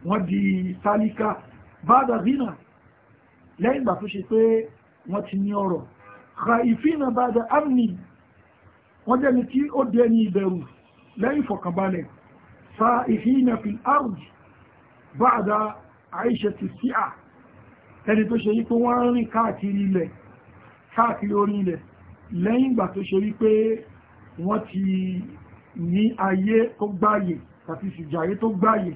wọ́n di tálíkà báadà zina lẹ́yìn ìgbà tó ṣe pé wọ́n ti ní ọ̀rọ̀ khaifina báadà amni wọ́n jẹ́ni tí ó dé ní ìbẹ̀rù lẹ́yìn fọ̀kànbalẹ̀ sa ìfihìnà fil arj báadà àìṣẹ́ ti síà ẹni tó ṣe wípé wọ́n rìn káàkiri ilẹ̀ káàkiri orí ilẹ̀ lẹ́yìn ìgbà tó ṣe wípé wọ́n ti ní ayé tó gbáyè tàbí ìsìjàyé tó gbáyè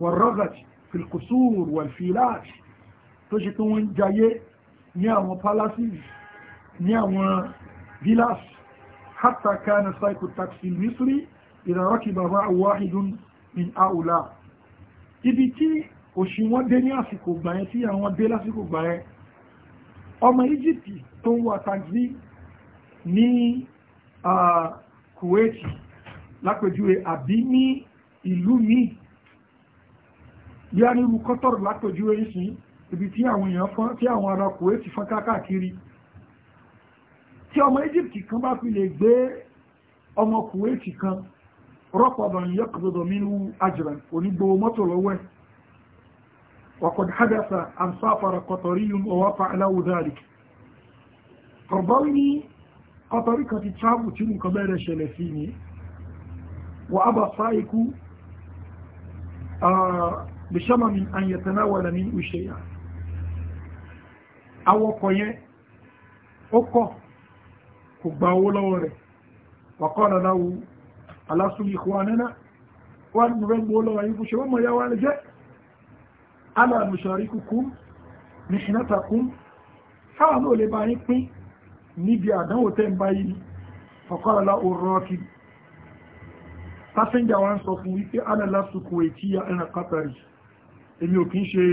warrazat filkusur walfilat tó ṣe pé wọ́n jayé ní àwọn palaces ní àwọn villas hatta kana saiku misri ìrànrọ́kì bàbá wahidun min aula ibi tí òṣì wọ́n dé ní àsìkò gbà yẹn tí àwọn dé lásìkò gbà yẹn ọmọ Egypt tó ń wa taxi ní Kuwait lápèjúwe àbí ní ìlú míì bí a ní irú kọ́tọ̀rù lápèjúwe nísìnyí ibi tí àwọn èèyàn fọ́n tí àwọn ará Kuwait fọ́n káàkiri tí ọmọ Egypt kan bá fi lè gbé ọmọ Kuwait kan rọ́pọ̀ ọ̀dọ̀ kọ̀dọ̀dọ̀ mínú àjẹrẹ̀ onígbò mọ́tò lọ́wọ́ ẹ̀ وقد حدث أن سافر قطري ووقع له ذلك قرضوني قطري كتي تشابو تيمو كبيرة شلفيني وأبى السائق آه أن يتناول من أشياء. أو yẹn أكو kọ̀ kò وقال له lọ́wọ́ rẹ̀ wàkọ́ọ̀lá láwú alásùlù ìkọ̀wà nẹ́nà ما rẹ̀ ana musharikukum mihnatakum káwọn náà lè bá yín pín níbi àdánwò tẹ́ ń bá yìí ọ̀kọ́lọ́lá òrọ́ọ̀kì pásẹ́njà wọn sọ fún wípé ana lastu kuwaitiya ana qatari èmi ò kí ń ṣe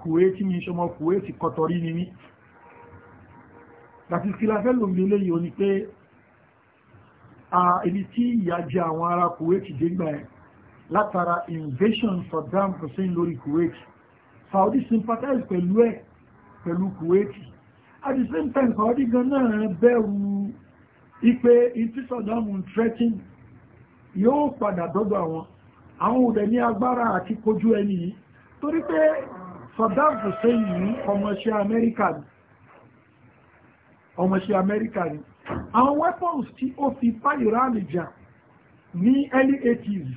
kùwétí ní ṣọmọ kùwétí kọtọrí ni mí láti kí láfẹ́ lòmí eléyìí o ní pé ibi tí ìyà jẹ àwọn ará kùwétí dégbà ẹ̀ látara invasion Saddam Hussein lórí kùwétí Saudi sympathize pẹ̀lú ẹ̀ pẹ̀lú Kuwaiti at the same time Saudi gan náà bẹ̀rù ipe ìtí Saddam threatening yóò padà dọ́dọ̀ àwọn àwọn òdẹ̀ ní agbára àti kojú ẹni yìí torí pé Saddam Hussein yìí ọmọṣẹ́ Amẹ́ríkà ni ọmọṣẹ́ Amẹ́ríkà ni àwọn weapons tí ó fi fáyìrá àlèjà ní early 80s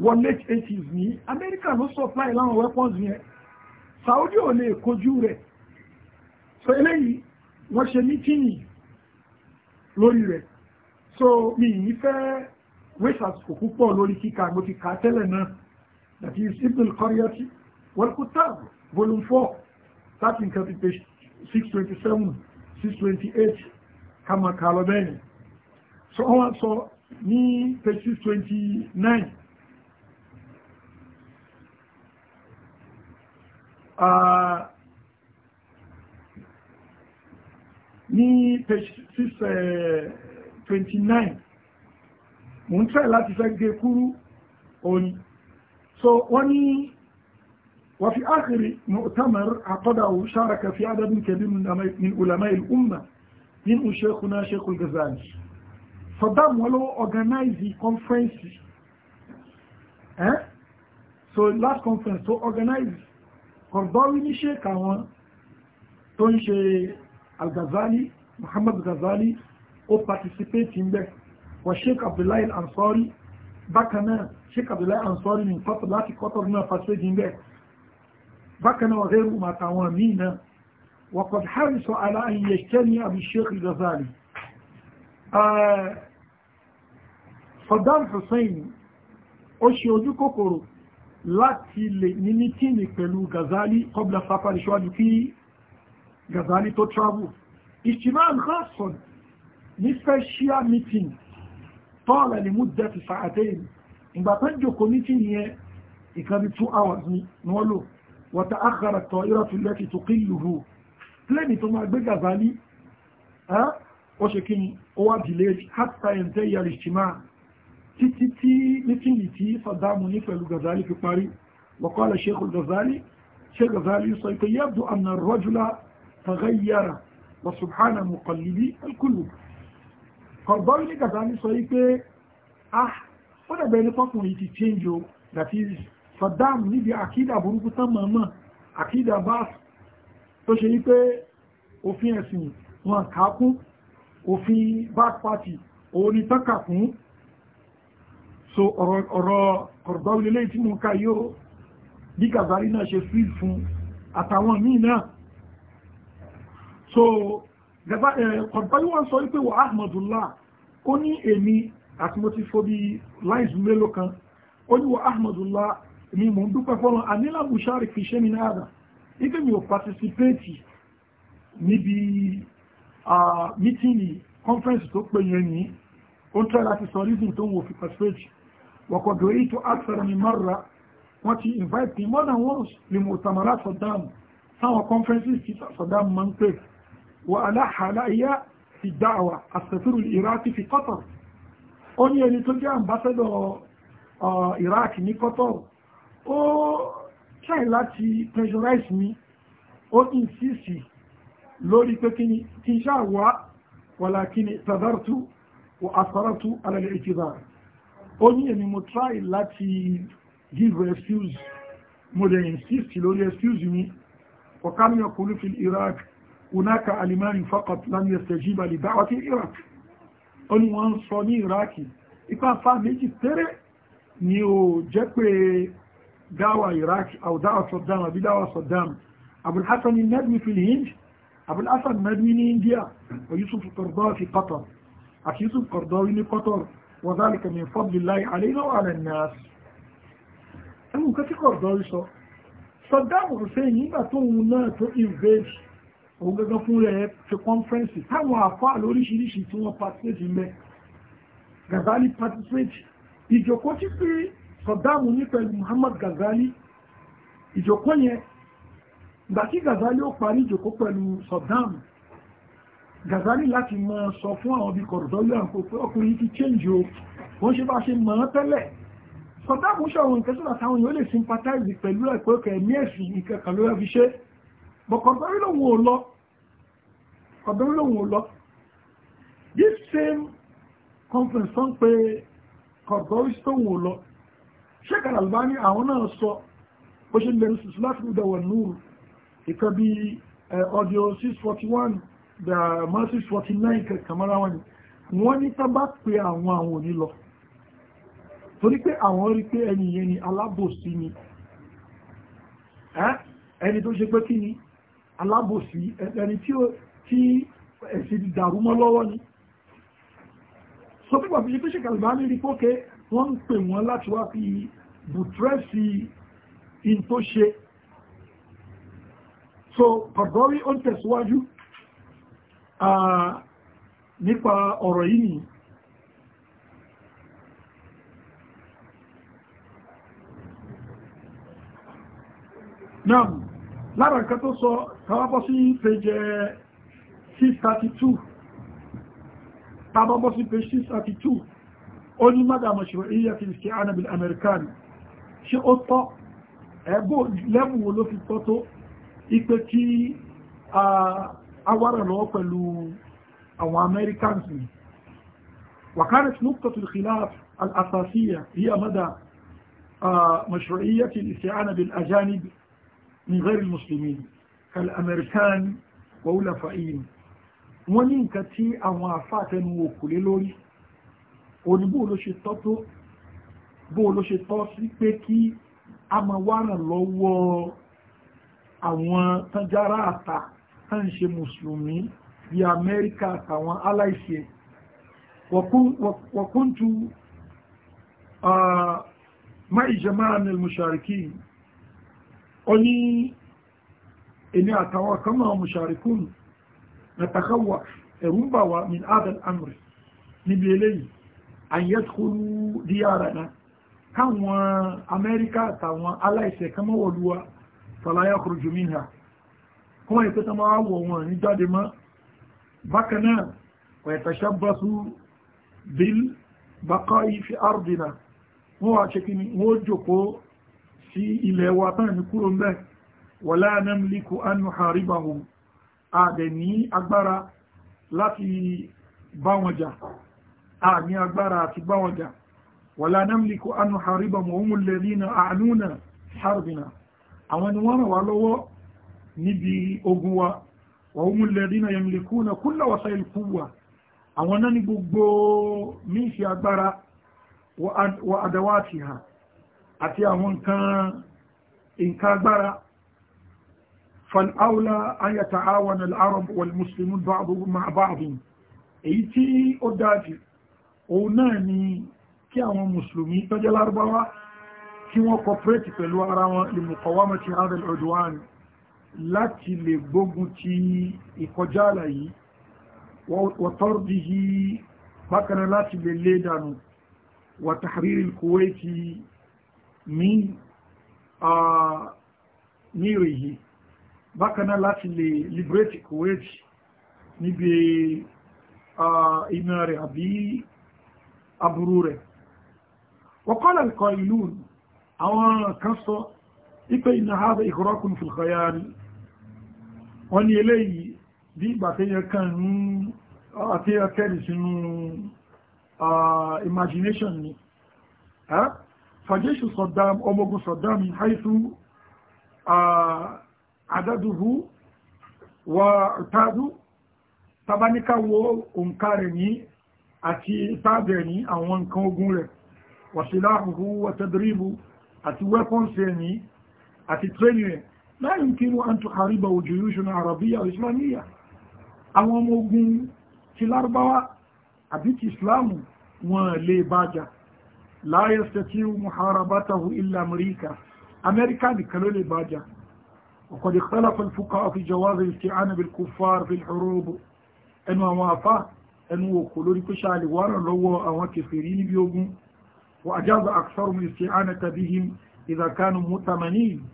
wọ late eighties ní amẹ́ríkà ló supply láwọn weapons yẹn saudi ò lè kojú rẹ̀ so eléyìí wọ́n ṣe meeting, lórí rẹ̀ so mi yìí fẹ́ waste àsìkò púpọ̀ lórí kíkà mo ti kà á tẹ́lẹ̀ náà that is simple al-qaryati wal-kutab volume four thirty nǹkan ti page six twenty seven six twenty eight kàmàkà lọ bẹ́ẹ̀ ni so wọ́n sọ ní page six twenty nine. Ah, ní page 629 eh, mo ń tẹ́ láti fẹ́ gé kúrú òní so wọ́n ní وفي آخر مؤتمر عقده شارك في عدد كبير من علماء الأمة منه شيخنا شيخ الغزالي Saddam Wallo organized the conference eh? so last conference to so organize Qardawi ní ṣéèkì àwọn tó ń ṣe al-Ghazali Muhammad Ghazali ó participate ń bẹ̀ wọ Abdullahi Ansari bákan náà ṣéèkì Abdullahi Ansari ní kọ́tọ̀ láti kọ́tọ̀ náà participate ń bẹ̀ bákan náà wọ́n màtàwọn míì náà وقد حرص على أن يجتمع بالشيخ الغزالي صدام حسين ó ṣe ojú kòkòrò láti lè ní mítíìnì pẹ̀lú Ghazali kọ́bla sáfà ní ṣíwájú kí Ghazali tó travel ìṣìmá àǹkàṣọ̀n ní special meeting tọ́ọ̀lá ní múdẹ́ ti sàátẹ́yìn ìgbà tán jòkó mítíìnì yẹn ìkan bí two hours ni wọ́n lò wọ́ta àkàrà tọ́ ìrọ̀tù lẹ́kì tó kí lùhù pléènì tó máa gbé Ghazali ó ṣe kí ni ó wá dìlé hátà ẹ̀ǹtẹ́yà ìṣìmá àǹkàṣọ̀n títí tí mítíǹgì tí Saddam ní pẹ̀lú Ghazali fi parí waqala Sheikh Ghazali Sheikh Ghazali sọ pé yabdu anna ar-rajula taghayyara wa subhana muqallibi al-qulub Qaradawi ní Ghazali sọ pé ah ó dàbẹ̀ ní fọ́kùnrin ti change o that is Saddam níbi àkídà burúkú tán mọ̀ọ́mọ̀ àkídà bá tó ṣe wípé òfin ẹ̀sìn wọn kà kún òfin back party òun ni tán kà kún so ọ̀rọ̀ Qaradawi ilé tí mo ká yóò bí Gazali náà ṣe fíl fún àtàwọn míì náà so Qaradawi wọ́n sọ wípé wà Ahmadullah ó ní èmi àti mo ti fọ́ bí láìsù mélòó kan ó ní wà Ahmadullah ni mo ń dúpẹ́ fọ́lọ́ anílà bushari fi ṣe mi náà ipe mi ò participate níbi mítìnì conference tó pè yẹn ní ó ń tẹ́ láti sọ reason tó ń wò fi participate وقد رأيت أكثر من مرة wọ́n ti invite me more than once lè mọ̀ tàmàrà Saddam sáwọn conferences tí Saddam máa ń pè wà aláhàláyá ti dáwà àṣẹ̀tìrù Iraq fi Qatar ó ní ẹni tó jẹ́ ambassador uh, Iraq ní Qatar ó try láti pressurize mi ó insist lórí pé kí n ṣáà wá wàlá kí ni tàdártù wà àṣàràtù alẹ́ ìtìdára ó ní èmi mo try láti give excuse mo lè insist lórí excuse mi وكم يقول في العراق هناك علمان فقط لم يستجيب لدعوة العراق أن وانصني عراقي إذا فهمت ترى نيو جكوي دعوة عراق أو دعوة صدام بدعوة صدام أبو الحسن الندوي في الهند أبو الحسن الندوي في إنديا ويوسف القرضاوي في قطر أخي يوسف القرضاوي في قطر وذلك من فضل الله علينا وعلى الناس ẹ̀wùn kan tí Kọ̀rọ̀dọ́rí sọ Saddam Hussein nígbà tó òun náà tó invade òun gẹ́gẹ́ fún rẹ̀ ṣe kọ́nfẹ́ǹsì táwọn àfáà lóríṣiríṣi tí wọ́n participate mẹ́ Ghazali participate ìjòkó tí pé Saddam ní pẹ̀lú Muhammad Ghazali ìjòkó yẹn gbà tí Ghazali ó parí ìjòkó pẹ̀lú Saddam Gazali láti mọ́ sọ fún àwọn bí kọ̀rọ̀dọ́lù àpò pé ọkùnrin ti change o wọ́n ṣe bá ṣe mọ̀ ọ́ tẹ́lẹ̀ sọ̀tàbù ṣọ̀rọ̀ nǹkan tó láti àwọn èèyàn lè sympathize pẹ̀lú ẹ̀kọ́ ẹ̀kọ́ ẹ̀mí ẹ̀sìn ìkẹkàn ló fi ṣe bọ̀kọ̀dọ́rí lòun ò lọ kọ̀dọ́rí lòun ò lọ this same conference sọ pé kọ̀dọ́rí ní àwọn náà sọ bó ṣe lè sùsù láti rúdà wọ̀ núùrù ìkan ọdíò eh, 641 da masis 49 kàkàmára wọn ni wọ́n ní tábà pé àwọn àwọn òní lọ torí pé àwọn rí pé ẹni yẹn ni alábòsí ni ẹni tó ṣe pé kí ni alábòsí ẹni tí ẹ̀sìn dàrúmọ́ lọ́wọ́ ni so bí fi ṣe pé ṣe kàlùbá ní rí pókè wọ́n ń pè wọ́n láti wá fi bùtírẹ́sì in tó ṣe so Pardori ó ń tẹ̀síwájú nípa ọ̀rọ̀ yìí ni náà lára nǹkan tó sọ tàbábọ́ sí page 632 eh, tàbábọ́ sí page 632 ó ní mádàmà ṣe ríyà fi ṣe anabil american ṣe ó tọ́ ẹgbó lẹ́bùn wo ló fi tọ́ tó ipé kí a ah, awara lọ́wọ́ pẹ̀lú àwọn Americans ni وكانت نقطة الخلاف الأساسية هي مدى مشروعية الاستعانة بالأجانب من غير المسلمين كالأمريكان وولفائهم ومن كتي أموافات وكل لوري ونبولو شططو bóòló ṣe tọ́ sí pé kí a máa wá ràn lọ́wọ́ àwọn tanjára àta tán ṣe mùsùlùmí bí amẹ́ríkà àtàwọn aláìṣe wọ̀kúntù ma ìjẹmá anil mushariki ó ní ẹni àtàwọn kama musharikun na takawa ẹ̀rùnbàwà min adal amri níbi eléyìí àyẹ́kúrú díyàrá náà káwọn amẹ́ríkà àtàwọn aláìṣe kama wọlúwa fàlàyà kùrùjùmí náà wọ́n ìpé tó máa wọ̀ wọn ní jáde mọ́ bákanáà wọ́n ìtàṣàbású bil bàkọ́ ife ardina wọ́n wà ṣe kìíní wọ́n jòkó sí ilẹ̀ wa tán ní kúrò mẹ́ wala namliku an nuharibahum àdẹ̀ ní agbára láti bá àwọn ni wọ́n ràn wá lọ́wọ́ níbi ogun wa wà ó múlẹ̀ dínà yamlikuna kulla wasa'il quwwa àwọn náà ní gbogbo míṣì agbára wa adawatiha àti àwọn nǹkan agbára fal'aula an yata'awana al-arab wal muslimun ba'duhum ma'a ba'dihim èyí tí ó dájú òun náà ni kí àwọn mùsùlùmí tọ́jẹ́ lárúbáwá kí wọ́n kọpẹ́tì pẹ̀lú ara wọn li muqawamati hadha láti lè gbógun ti ìkọjá àlà yìí wọ́tọ́rọ̀dì yìí bákaná láti lè lé dànù wà tàhírí kòwétì ní ìrẹ̀ yìí bákaná láti lè liberate kòwétì níbi iná rẹ̀ àbí aburú rẹ̀ wọ́kọ́lá ìkọ̀ ìlú àwọn kan sọ ipe ìnáhàbà ìkọ̀rọ̀kùn fìlkọ̀yà ni wọ́n ní eléyìí bí ìgbà tẹ́yẹ kan ní àti ọkẹ́rì sínú imagination ni fàjẹ́ṣù Saddam ọmọgun Saddam haithu àdádùhù wà tààdù tàbáníkàwò òǹkà rẹ̀ ní àti tààbẹ̀ ní àwọn nǹkan ogun rẹ̀ wàṣíláhùhù wàtẹ̀dìríbù àti weapons rẹ̀ ní àti training rẹ̀ لا يمكن أن تحاربه جيوش عربية أو إسلامية أو موجود في الأربعة أبيت إسلام وليباجة لا يستطيع محاربته إلا أمريكا أمريكا بكل ليباجة وقد اختلف الفقهاء في جواز الاستعانة بالكفار في الحروب أنه موافا أنه كلور كشع لوارا لو أو كفيرين بيوجو وأجاز أكثر من الاستعانة بهم إذا كانوا مؤتمنين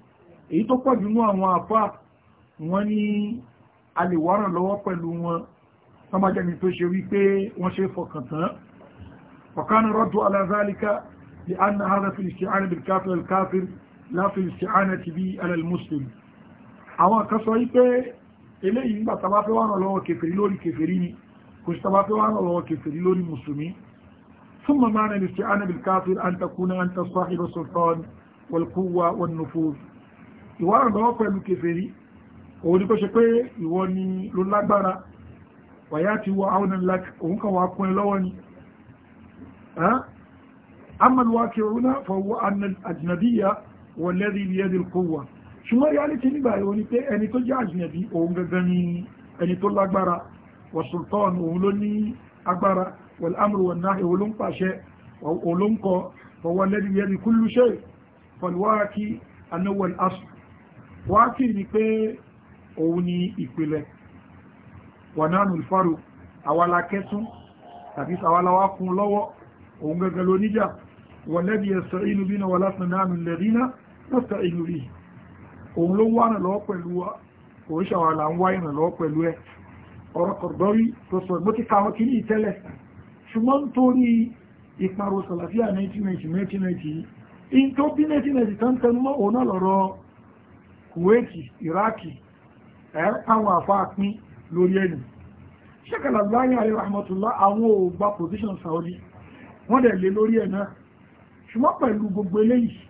èyí tó pọ̀ jù àwọn àfá wọ́n ní a lè wárán lọ́wọ́ pẹ̀lú wọn sọmájẹ́ni tó ṣe wípé wọ́n ṣe fọkàntán ọ̀kánà rọ́dù alazalika lè anna hada fi isti'ana bil kafir al kafir la fi isti'ana ti ìwà ìrànlọ́wọ́ pẹ̀lú kèfèrí òun ni kó ṣe pé ìwọ ni ló lágbára wàyá ti wọ àwọn ìlàkì òun kan wà kún ẹ lọ́wọ́ ni amàlùwà kí òun náà fọwọ́ àjìnàbíyà wọ agbára wọ wọn náà òun ń pàṣẹ òun fọwọ́ lẹ́rí ilé ẹ̀dì kúlù ṣe fọlùwà kí asùn wákìlì ni pé òun ni ìpìlẹ̀ wọ̀nánù ìfọ́rù àwàlá kẹsùn tàbí àwàlá wá kún lọ́wọ́ òun gẹ́gẹ́ ló níjà wọ̀lẹ́bí ẹ̀sọ̀ inú bí na wọlá sinánù lẹ́rínà lọ́sọ̀ inú rí òun ló wà nà lọ́wọ́ pẹ̀lú wa òun ṣàwàlá ń wáyé nà lọ́wọ́ pẹ̀lú ẹ ọ̀rọ̀ kọ̀dọ́rí tó sọ mo ti ka wọn kìíní ìtẹ́lẹ̀ kuwaiti iraki káwọn eh, àfáà pín lórí ẹnu ṣẹ́kàlà láyé àríwá àmọ́tòlá àwọn ò gba position saudi wọ́n dẹ̀ lé lórí ẹ̀ náà ṣùgbọ́n pẹ̀lú gbogbo eléyìí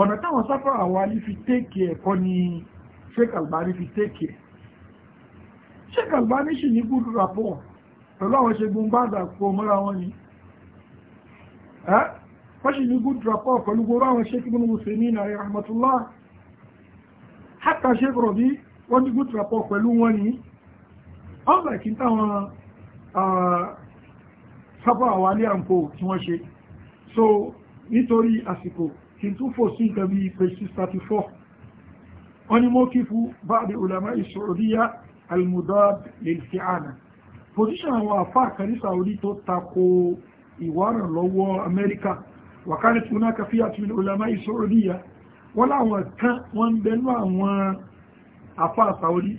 ọ̀nà táwọn sáfà àwọn alí fi tẹ́ẹ̀kì ẹ̀kọ́ ni Sheikh Albani fi tẹ́ẹ̀kì ẹ̀ Sheikh Albani sì ní good rapport pẹ̀lú àwọn ṣegun bá dàpọ̀ mọ́ra wọn ni eh, wọ́n sì ní good rapport pẹ̀lú gbogbo àwọn ṣẹ́gun mùsùlùmí náà rahmatullah hátà ṣe gbọ́rọ̀ bí wọ́n ní good rapport pẹ̀lú wọn ní unlike n táwọn sábà wà ní àǹpò tí wọ́n ṣe so nítorí àsìkò kí n tún fò sí nǹkan bí page 634 wọ́n ní mọ́ kífú ba'di ulama ìṣòríyá almudad lilfi'ana position àwọn àfáà kan ní Saudi tó tako ìwárànlọ́wọ́ Amẹ́ríkà wàkánìtì náà kàfíyà tí ulama ìṣòríyá wọ́n láwọn kan wọ́n ń bẹnú àwọn afá àsàórí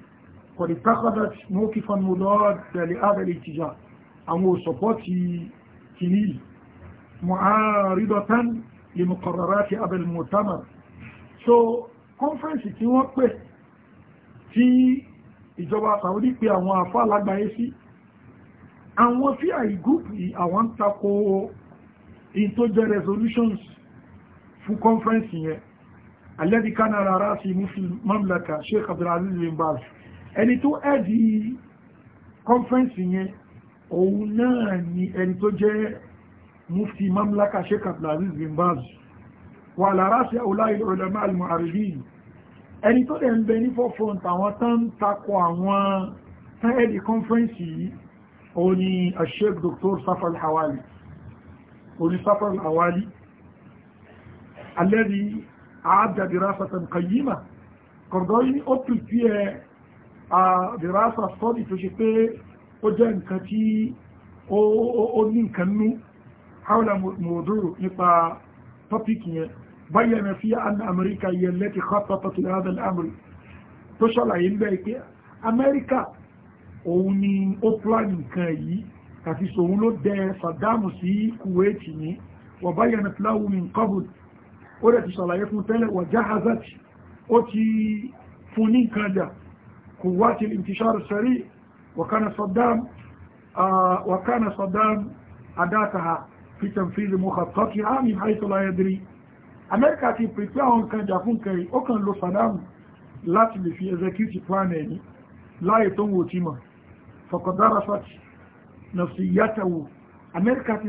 kọ̀dí takọ́dá mọ́kí fanmọ́lọ́ tẹ̀lé àbẹ̀lẹ̀ ìtìjà àwọn òṣọ̀pọ̀tì kìí mọ̀árídọ̀tán lè mọ̀kọ̀rọ̀rá ti àbẹ̀lẹ̀ mọ̀tánà so conference tí wọ́n pè tí ìjọba àsàórí pé àwọn afá alágbàáyé sí àwọn fí àì gúúpù àwọn tako in tó jẹ́ resolutions fún conference yẹn alẹ́dì kánà rárá sí mọ́mlaka sheikh abdulaziz bin baz ẹni tó ẹ̀dì kọ́nfẹ́ǹsì yẹn òun náà ni ẹni tó jẹ́ mufti mamlaka sheikh abdulaziz bin baz wà lára sí àwòlá ilẹ̀ ulama al-mu'arridin ẹni tó dẹ̀ ń bẹ ní forefront àwọn tán takọ àwọn tán ẹ̀dì kọ́nfẹ́ǹsì yìí òun ni sheikh dr safal hawali orí safal hawali alẹ́dì أعد دراسة قيمة قرضين أطل فيها دراسة صدي تشكي وجان كتي أولين كنو حول موضوع نقطة topic بين فيها أن أمريكا هي التي خططت لهذا الأمر تشرع ينبعي أمريكا òun ni ó pláàni nǹkan yìí àti sòun ló dẹ Sàdámù من Kuwait ó rẹ̀ ti ṣàlàyé fún tẹ́lẹ̀ wà jahazat ó ti fún ní nǹkan jà quwwat al-intishar as-sari wa kana Saddam wa kana Saddam adataha fi tanfidh mukhattatiha min haythu la yadri amẹ́ríkà ti pèpè àwọn nǹkan jà fún kẹrì ó kàn lo Saddam láti lè fi execute plan ẹni láyé tó ń wò tí mọ̀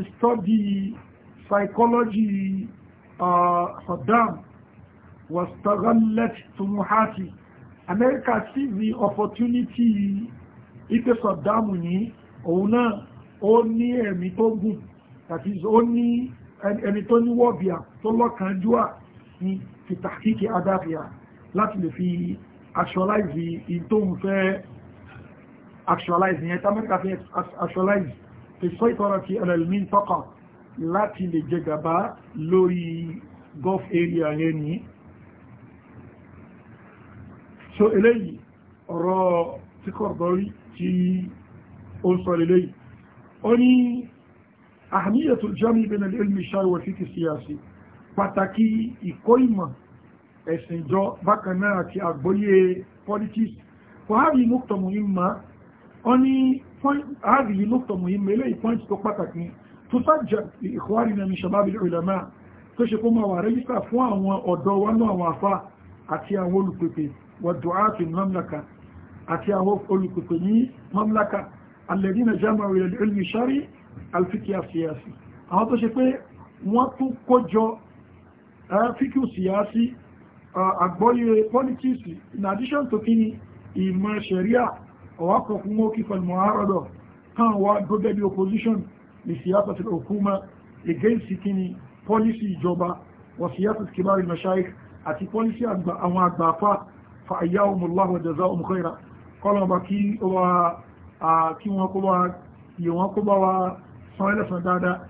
study psychology Saddam wastaghallat tumuhati America see the opportunity ipe Saddam ní òun náà ó ní ẹ̀mí tó gùn that is ó ní ẹni tó ní wọ́bíà tó lọ́kànjúà ní fi tàkíkì adáfíà láti lè fi actualize in tó ń fẹ́ actualize yẹn tí America fi actualize fi sọ ìtọ́rọ̀ ti ẹlẹ́lẹ́mí tọ́kàn láti lè jẹ gàbá lórí gulf area yẹn ni so eléyìí ọ̀rọ̀ tí kọ̀rọ̀dọ́rí tí ó ń sọ eléyìí ó ní àhàmíyàtò jami bin al-ilmi shari wa fiti siyasi pàtàkì ìkọ́ ìmọ̀ ẹ̀sìn jọ bákan náà àti àgbóyé politics fọ́hábì mọ́kànmù yìí ma ó ní fọ́hábì mọ́kànmù yìí mẹ́lẹ́ ìpọ́ǹtì tó pàtàkì تسجل لإخواننا من شباب العلماء تشكم وريسا فواما ودوانا وفا أتيا ولكتي والدعاة المملكة أتيا ولكتني مملكة الذين جمعوا إلى العلم الشرعي الفقه السياسي àwọn tó ṣe pé wọ́n tún kójọ fíkíù síyásí àgbọ́yé politics in addition to kíni ìmọ̀ ṣẹ̀ríà ọ̀wákọ̀ fún mọ́kí pẹ̀lú mọ̀ àárọ̀dọ̀ kan wá gbogbo bí opposition لسياسة الحكومة against kini policy ìjọba wa siyasat kibar al-mashayikh àti policy àgbà àwọn àgbàfà fa ayyahum Allah wa jazaa'um khaira kolon ba ki wa a ki wọ́n ko ba yi wọ́n ko ba wa san ile san dada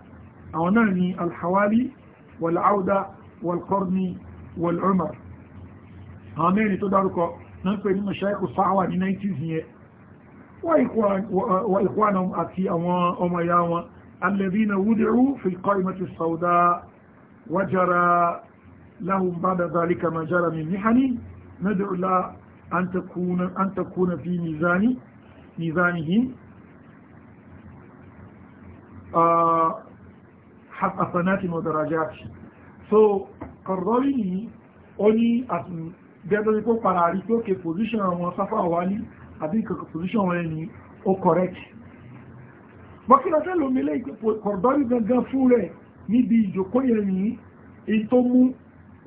àwọn náà ni al-hawali wal auda wal qarni wal umar àwọn mẹ́rin tó dárúkọ nan pè ní mashayikh sa'wa ní 90s wa ikhwan wa ikhwanum àti àwọn ọmọ ya wọn الذين وضعوا في القائمة السوداء وجرى لهم بعد ذلك ما جرى من محن ندعو الله أن تكون, أن تكون في ميزان ميزانهم آه حسنات ودرجات so Qardawi ni ó ní àtúndẹ́gbẹ́ kó para rí tó ké position àwọn sáfà wá ní àbí ìkọ̀kọ̀ position wọn ni ó correct mọ́kílọ́fẹ́ lómi lé kọ̀dọ́rí gangan fún rẹ̀ níbi ìjòkó yẹn ní èyí tó mú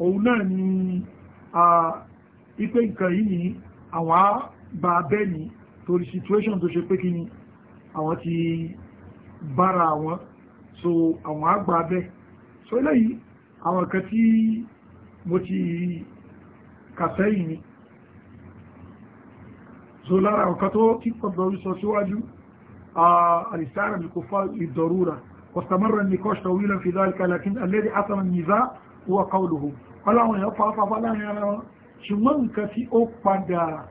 òun náà ní ipe nǹkan yìí ní àwọn bá bẹ́ẹ̀ ní torí situation tó ṣe pé kí ni àwọn ti bára àwọn so àwọn àgbà bẹ́ẹ̀ so eléyìí àwọn kan tí mo ti kàsẹ́yìn ni so lára ọ̀kan tó kí kọ̀dọ́rí sọ síwájú so, الاستعانة بالكفار للضرورة واستمر النقاش طويلا في ذلك لكن الذي حسم النزاع هو قوله قال àwọn èèyàn fàáfà fàlá ní ara wọn ṣùgbọ́n nǹkan tí ó padà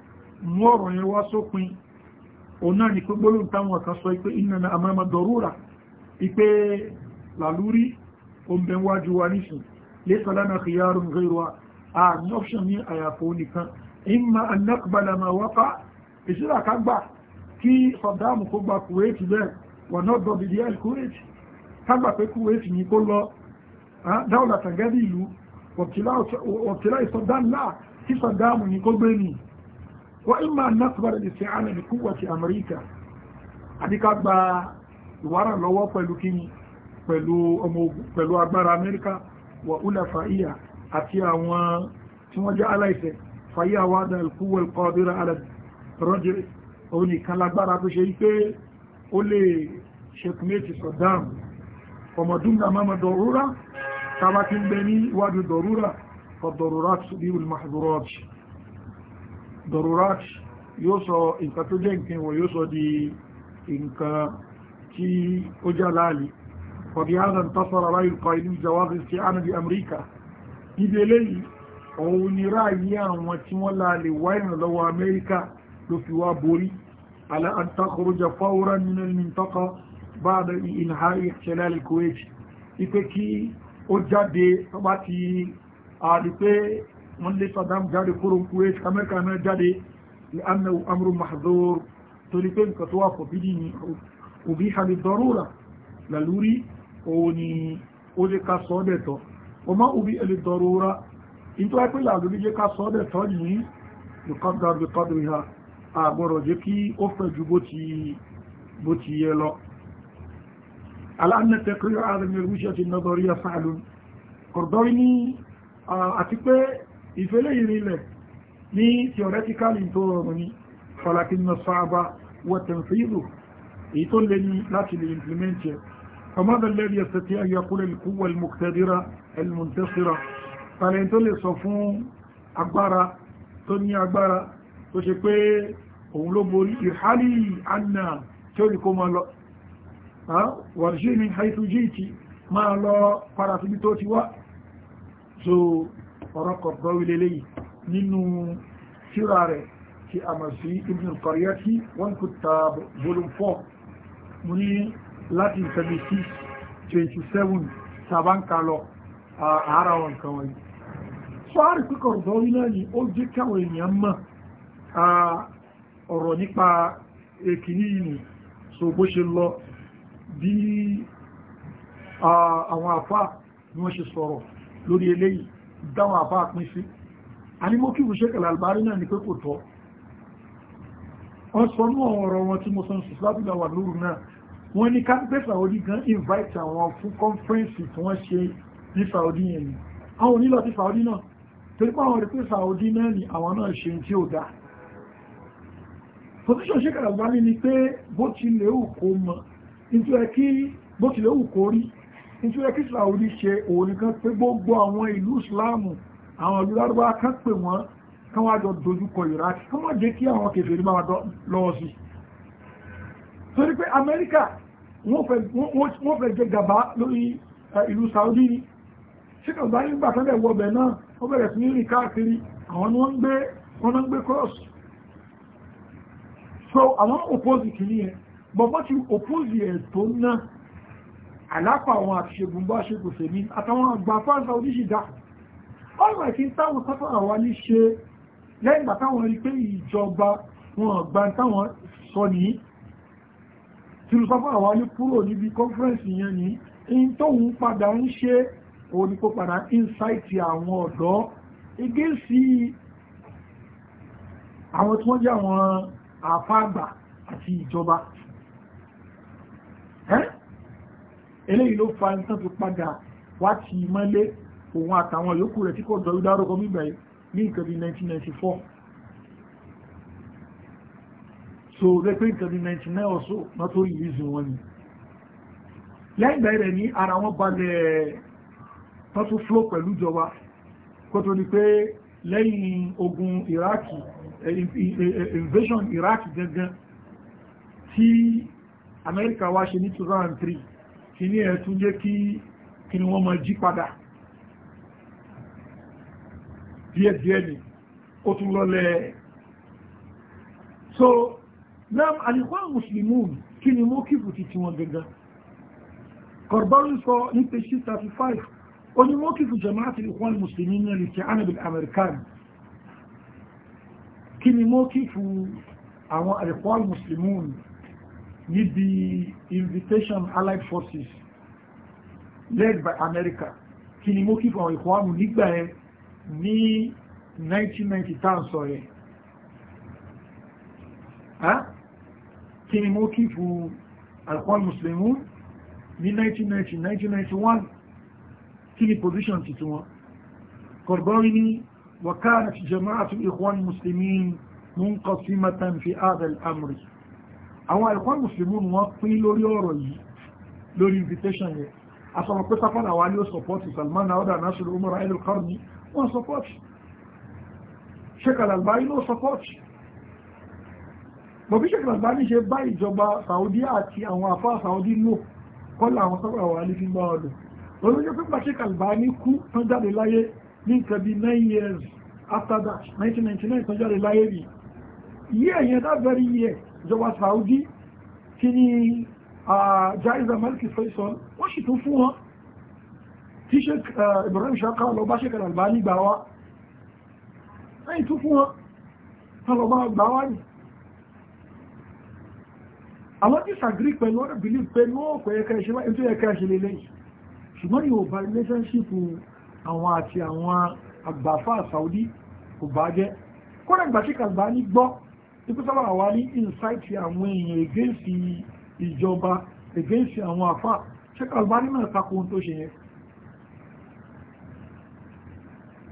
mú ọ̀rọ̀ yẹn wá sópin òun náà ni pé gbólóhùn táwọn kan sọ pé iná na àmàmà dọ̀rúra ipé làlúrí oúnjẹ wájú wa nísìn lẹ́sọ̀ lánàá kì yàrá ń rírọ àmì option ní àyàfó nìkan ìmà anákbàlà máa wápá ìṣúra ká gbà kí Saddam kó gba Kuwait bẹ́ẹ̀ wọ̀n náà dọ̀bì díẹ̀ Kuwait tágbà pé Kuwait ní kó lọ dáwọ̀lá tàgẹ́dì ìlú wọ̀tílá Saddam náà tí Saddam ní kó gbé ní wọ́n ìmọ̀ anásùbára lè ṣe àmì kúwà ti Amẹ́ríkà àdíká gba ìwárà lọ́wọ́ pẹ̀lú kíni pẹ̀lú agbára Amẹ́ríkà wà úlà fàíyà àti àwọn tí wọ́n jẹ́ aláìsẹ̀ fàíyà wádà ìkúwà ìkọ́dúrà òun nìkan lágbára tó ṣe wípé ó lè ṣekúnmẹ́tì Saddam ọmọdúnnà mọ́mọ̀ dọ̀rúra tàbá ti ń bẹ ní ìwádìí dọ̀rúra ọ̀dọ̀rúrat bí ulmahdurat dọ̀rúrat yóò sọ nǹkan tó jẹ́ nǹkan wọ̀ yóò sọ di nǹkan tí ó já láàlì ọ̀bí adam tásọ̀rọ̀ ráyì inú jawabi sí àná amẹ́ríkà níbi òun ni ráàyí àwọn tí wọ́n láàlè wáyìn lọ́wọ́ amẹ́ríkà ló fi wá borí ala an takhruja fawran min al-mintaqa ba'da inha'i ihtilal al-Kuwait ipe kí ó jáde ọba ti àrí pé wọ́n lè Saddam jáde kúrò Kuwait Amẹ́ríkà náà jáde li annahu amrun mahdhur torí pé nǹkan tó wà fòbídì ní òbí hàbí dọ́rúra lalúrí òun ni ó lè ká sọ́dẹ̀tọ́ o má òbí ẹlẹ́ dọ́rúra in tó wáyé pé lalúrí jẹ́ ká sọ́dẹ̀tọ́ yìí lùkọ́dọ̀ lùkọ́dọ̀ ìhà àgbọ̀rọ̀ jẹ́ kí ó fẹ́ ju bó ti yẹ lọ aláàmì tẹ́kírí ààrẹ rúṣẹ́ ti nọ́dọ̀rí afáàlú kọ̀dọ̀rí ní àti pé ìfẹ́lẹ̀ ìrìnlẹ̀ ní theoretically tó rọrùn ní falakin na sáàbá watan fíìlù èyí tó lè ní láti lè tó ní agbára tó ṣe pé òun ló borí ìhálì àná tí ó rí kó máa lọ wàrṣí ní haifujiti máa lọ parafili tó ti wá so ọ̀rọ̀ kọ̀ọ̀kọ́ wílé léyìí nínú tíra rẹ̀ tí a mọ̀ sí ibn al-qaryati wọ́n kò ta volume 4 mú ní láti 76 27 sàbánkà lọ àárá wọn kawai. sọ́rọ̀ kíkọ̀ọ̀kọ́ wílé ó jẹ́ káwọn èèyàn mọ̀ ọ̀rọ̀ nípa èkìní ìlú so bó ṣe lọ bí àwọn àfá ni wọ́n ṣe sọ̀rọ̀ lórí eléyìí dáwọn àfá pín sí a ní mọ́ kí ìwúṣẹ́ Al-Albani náà ní pé kò tọ́ wọ́n sọ ní ọ̀rọ̀ wọn tí mo sọ sùsùlábìlà wà lóru náà wọ́n ní kápẹ́ Saudi gan invite àwọn fún kọ́nfẹ́ǹsì tí wọ́n ṣe ní Saudi yẹn ni àwọn onílọ̀ ti Saudi náà torípá àwọn rí pé Saudi náà ni àwọn náà ṣe tí ó dáa position ṣe kàrà wálé ni pé bó ti lè wù kó mọ̀ nítorí ẹ kí bó ti lè wù kó rí nítorí ẹ kí Saudi ṣe òun nìkan pé gbogbo àwọn ìlú ìsìláàmù àwọn ìlú lárúbá kan pè wọ́n kán wá jọ dojúkọ Iraq kán wọ́n jẹ́ kí àwọn kèfèrí máa lọ́wọ́ sí torí pé Amẹ́ríkà wọ́n fẹ́ jẹ gàbá lórí ìlú Saudi ni ṣe kàrà wálé nígbà tán lẹ̀ wọ bẹ̀ náà wọ́n bẹ̀rẹ̀ sí ní káàkiri àwọn wọ́n ń gbé kọ́ọ̀sì so àwọn òpóòsì kìíní ẹ bọ́bọ́ ti òpóòsì ẹ̀ tó ná àlápà àwọn àṣegun bá ṣegun fèmí àtàwọn àgbà fáńsà oníṣìdá ọ̀rọ̀ ẹ̀kí táwọn sáfà àwa ní ṣe lẹ́yìn ìgbà táwọn rí pé ìjọba wọn àgbà táwọn sọ nìyí tìrùsọ́fà àwa ní kúrò níbi kọ́nfẹ́rẹ́nsì yẹn ní in tóun padà ń ṣe òun padà insight àwọn ọ̀dọ́ igé sí àwọn tí wọ́n jẹ́ àwọn àfáàgbà àti ìjọba eléyìí ló fa nǹkan tó padà wá ti mọ́lé òun àtàwọn yòókù rẹ̀ tí kò jọ ìdáròkọ bíbẹ̀ ní nǹkan bí 1994 so rẹ́pẹ́ nǹkan bí 99 ọ̀sọ́ náà tó rìlíìsì wọn ni lẹ́yìn bẹ̀rẹ̀ ní ara wọn balẹ̀ tọ́tún flow pẹ̀lú ìjọba kó tó ní pé lẹ́yìn ogun Iraki Eh, eh, eh, invasion Iraq gangan tí Amẹ́ríkà wá ṣe ní 2003 kí ní ẹ̀tún jẹ́ kí kí ni wọ́n máa jí padà díẹ̀díẹ̀ ni ó tún lọ́lẹ̀ so náà àlìkọ́ muslimun kí ni mú kífù ti tí wọ́n gangan Karbari sọ ní page 35 ó ní mú kífù jama'at al-ikhwan al-muslimin ní ẹ̀lẹ́kẹ́ anabil amerikani kí ni mọ́ kí fún àwọn Ikhwan Muslimun níbi invitation allied forces led by America kí ni mọ́ kí fún àwọn Ikhwan nígbà ẹ ní 1990 tán sọ ẹ kí ni mọ́ kí fún Ikhwan Muslimun ní 1990 1991 kí ni position titun wọn Kọ̀rọ̀bọ́rí ní وكانت جماعة الإخوان المسلمين منقسمة في هذا الأمر àwọn ìkwọ́n mùsùlùmí wọ́n pín lórí ọ̀rọ̀ yìí lórí invitation yẹn asọ̀rọ̀ pé sáfàdà wà ní ó sọpọ́tì Salman náà Nasir Umar al-Qarni wọ́n sọpọ́tì Sheikh al-Albani ló sọpọ́tì bọ̀bí Sheikh al-Albani ṣe bá ìjọba Saudi àti àwọn afá Saudi lò kọ́lá àwọn sáfàdà wà ní fi gbá ọdún olóyún pípa Sheikh al-Albani kú tán jáde láyé ní nǹkan 9 years after that 1999 kan jáde láyé rí year yẹn that very year ìjọba Saudi ti ní jaiza maliki faisal wọ́n sì tún fún wọn tí ṣe Ibrahim Shaka lọ bá ṣe kàdà bá ní gbà wá lẹ́yìn tún fún wọn tán lọ bá gbà wá ní àwọn disagree pẹ̀lú ọ̀rọ̀ believe pẹ̀lú ọ̀pọ̀ ẹ̀kẹ́ ìṣẹ́lẹ̀ ṣùgbọ́n yóò bá relationship àwọn àti àwọn àgbàfà Saudi kò bá jẹ́ kódà ìgbà tí kàgbà ní gbọ́ ipò sábà wà ní insight àwọn èèyàn against ìjọba against àwọn àfà ṣé kàgbà ní mẹ́ta kó ohun tó ṣe yẹn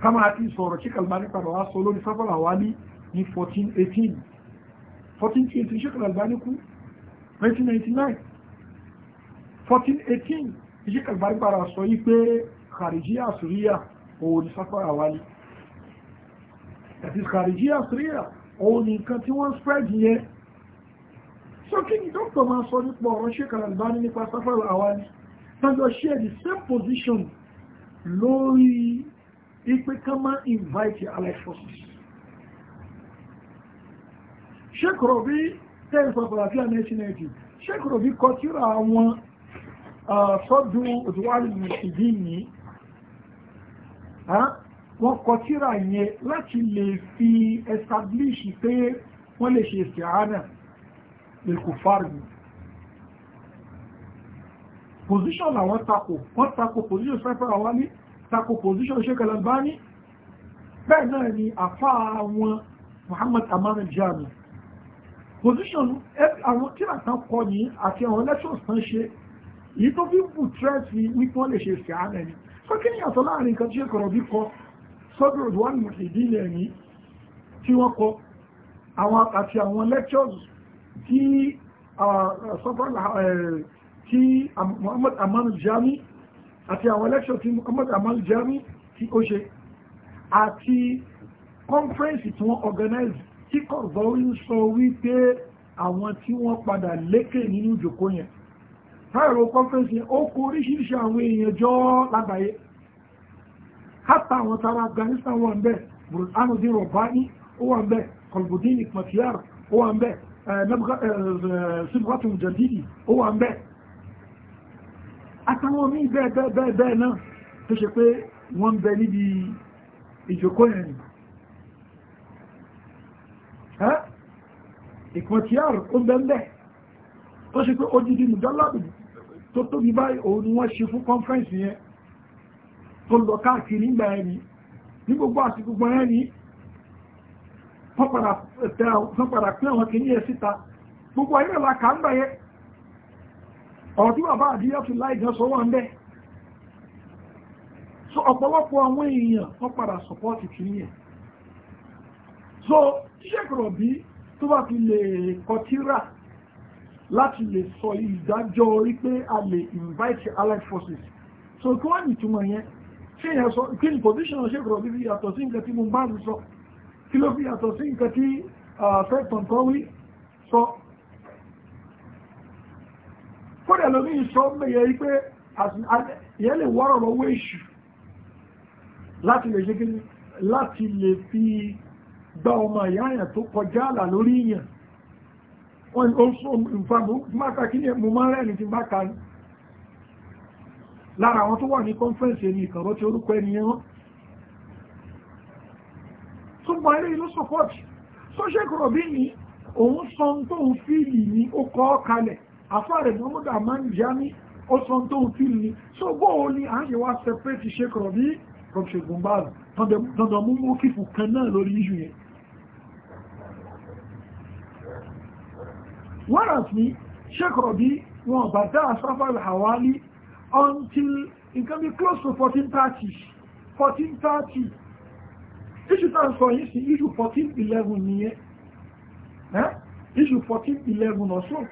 ká máa ti sọ̀rọ̀ ṣé kàgbà ní padà wá sọ lórí sábà wà ní ní 1418 1418 ṣé kàgbà ní kú 1999 1418 ṣé kàgbà ní padà sọ yí pé kàrìjíyà síríyà òun ni sáfàrà wálé àti kàrìjíyà síríyà òun ni nǹkan tí wọ́n spread yẹn so kí ni dókítà máa sọ nípa ọ̀rọ̀ ṣe Al-Albani nípa sáfàrà wálé tọ́jọ́ share the same position lórí ipe ká máa invite allied forces Sheikh Rabi tẹ́lẹ̀ sọ̀rọ̀ àti àmẹ́sìnẹ́ẹ̀tì Sheikh Rabi kọ tíra àwọn ah, sọ́dún òdúwárí ìdí yìí wọ́n kọ tírà yẹn láti lè fi establish pé wọ́n lè ṣe ìsìnkú ìlkùfàrí position àwọn tako wọ́n tako position sẹ́fẹ́ àwọn ní tako position ṣékẹ̀ Albani bẹ́ẹ̀ náà ni àfá àwọn Muhammad Aman Jami position àwọn kíra tán kọ ní àti àwọn elections tán ṣe èyí tó fi bù trẹ́ẹ̀tì wípé wọ́n lè ṣe ìsìnkú fọ́kíní yàtọ̀ láàrin nǹkan tí ó kọ̀rọ̀ bí kọ sọ́dọ̀ ìdúwàn ìdílé ẹ̀mí tí wọ́n kọ àti àwọn lectures tí Muhammad Amal Jami àti lectures tí Muhammad Amal Jami tí ó ṣe àti conference tí wọ́n organize tí kọ̀rọ̀ ń sọ wípé àwọn tí wọ́n padà lékè nínú ìjòkó yẹn táìrò kọ́fẹ́sì ó kó oríṣiríṣi àwọn èèyàn jọ lágbàáyé hátà àwọn tara Afghanistan wà ń bẹ burhanuddin Rabbani ó wà ń bẹ Kolbuddin Ikmatiyar ó wà ń bẹ eh, eh, eh, sibghatu Mujaddidi ó wà ń bẹ àtàwọn míì bẹ́ẹ̀ bẹ́ẹ̀ bẹ́ẹ̀ náà tó ṣe pé wọ́n ń bẹ níbi ìjòkó yẹn Ikmatiyar ó ń bẹ ń bẹ tó ṣe pé odidi mùjọ́lábìnrin tó tóbi báyìí òun ni wọ́n ṣe fún kọ́nfẹ́ǹsì yẹn tó lọ káàkiri nígbà ẹni ní gbogbo àsìkò gbọ́n ẹni wọ́n padà pín àwọn kìíní ẹ̀ síta gbogbo ayé la kà ń gbà yẹ ọ̀rọ̀ tí bàbá àdíyà fi láì gan sọ wọ́n bẹ́ so ọ̀pọ̀lọpọ̀ àwọn èèyàn wọ́n padà sọ̀pọ́ọ̀tì kìíní ẹ̀ so ṣẹ́kọ̀rọ̀ bí tó bá fi lè kọtíra láti lè sọ ìdájọ́ orí pé a lè invite allied forces so kí wọ́n nìtumọ̀ yẹn ṣe yẹn sọ kí ni position ṣe kọ̀rọ̀ bí fi yàtọ̀ sí nǹkan tí mo bá rí sọ kí ló fi yàtọ̀ sí nǹkan tí fẹ́tàn kan wí sọ kódà lómi sọ mẹ́yẹ rí pé ìyẹn lè wọ́rọ̀ lọ́wọ́ èṣù láti lè ṣe kí láti lè fi gba ọmọ ìyá yẹn tó kọjá àlà lórí yẹn wọ́n ó sọ ìfàbù máka kí ní ẹ̀mù máa rẹ̀ ní ti máka ní lára àwọn tó wà ní kọ́nfẹ́ǹsì ní ìkàrọ́ tí orúkọ ẹni ẹran tó gba eré ìlú sọ́pọ̀tì sọ́ṣẹ́ kọ̀rọ̀ bí ní òun sọ tó ń fíìlì ní ó kọ́ kalẹ̀ afárẹ̀ mọ́mọ́dà máa ń já ní ó sọ tó ń fíìlì ní so gbóò ní à ń ṣe wá separate ṣe kọ̀rọ̀ bí kọ̀ṣẹ̀gùn báàlù tọ́ndọ̀ mú mú kífù kan náà lórí iṣu yẹn whereas ní Sheikh Rabi wọn bá dá asrafa al-hawali until nǹkan bí close to 1430 1430 issue tá à ń sọ yìí sí issue 1411 nìyẹn issue 1411 ọ̀ṣọ́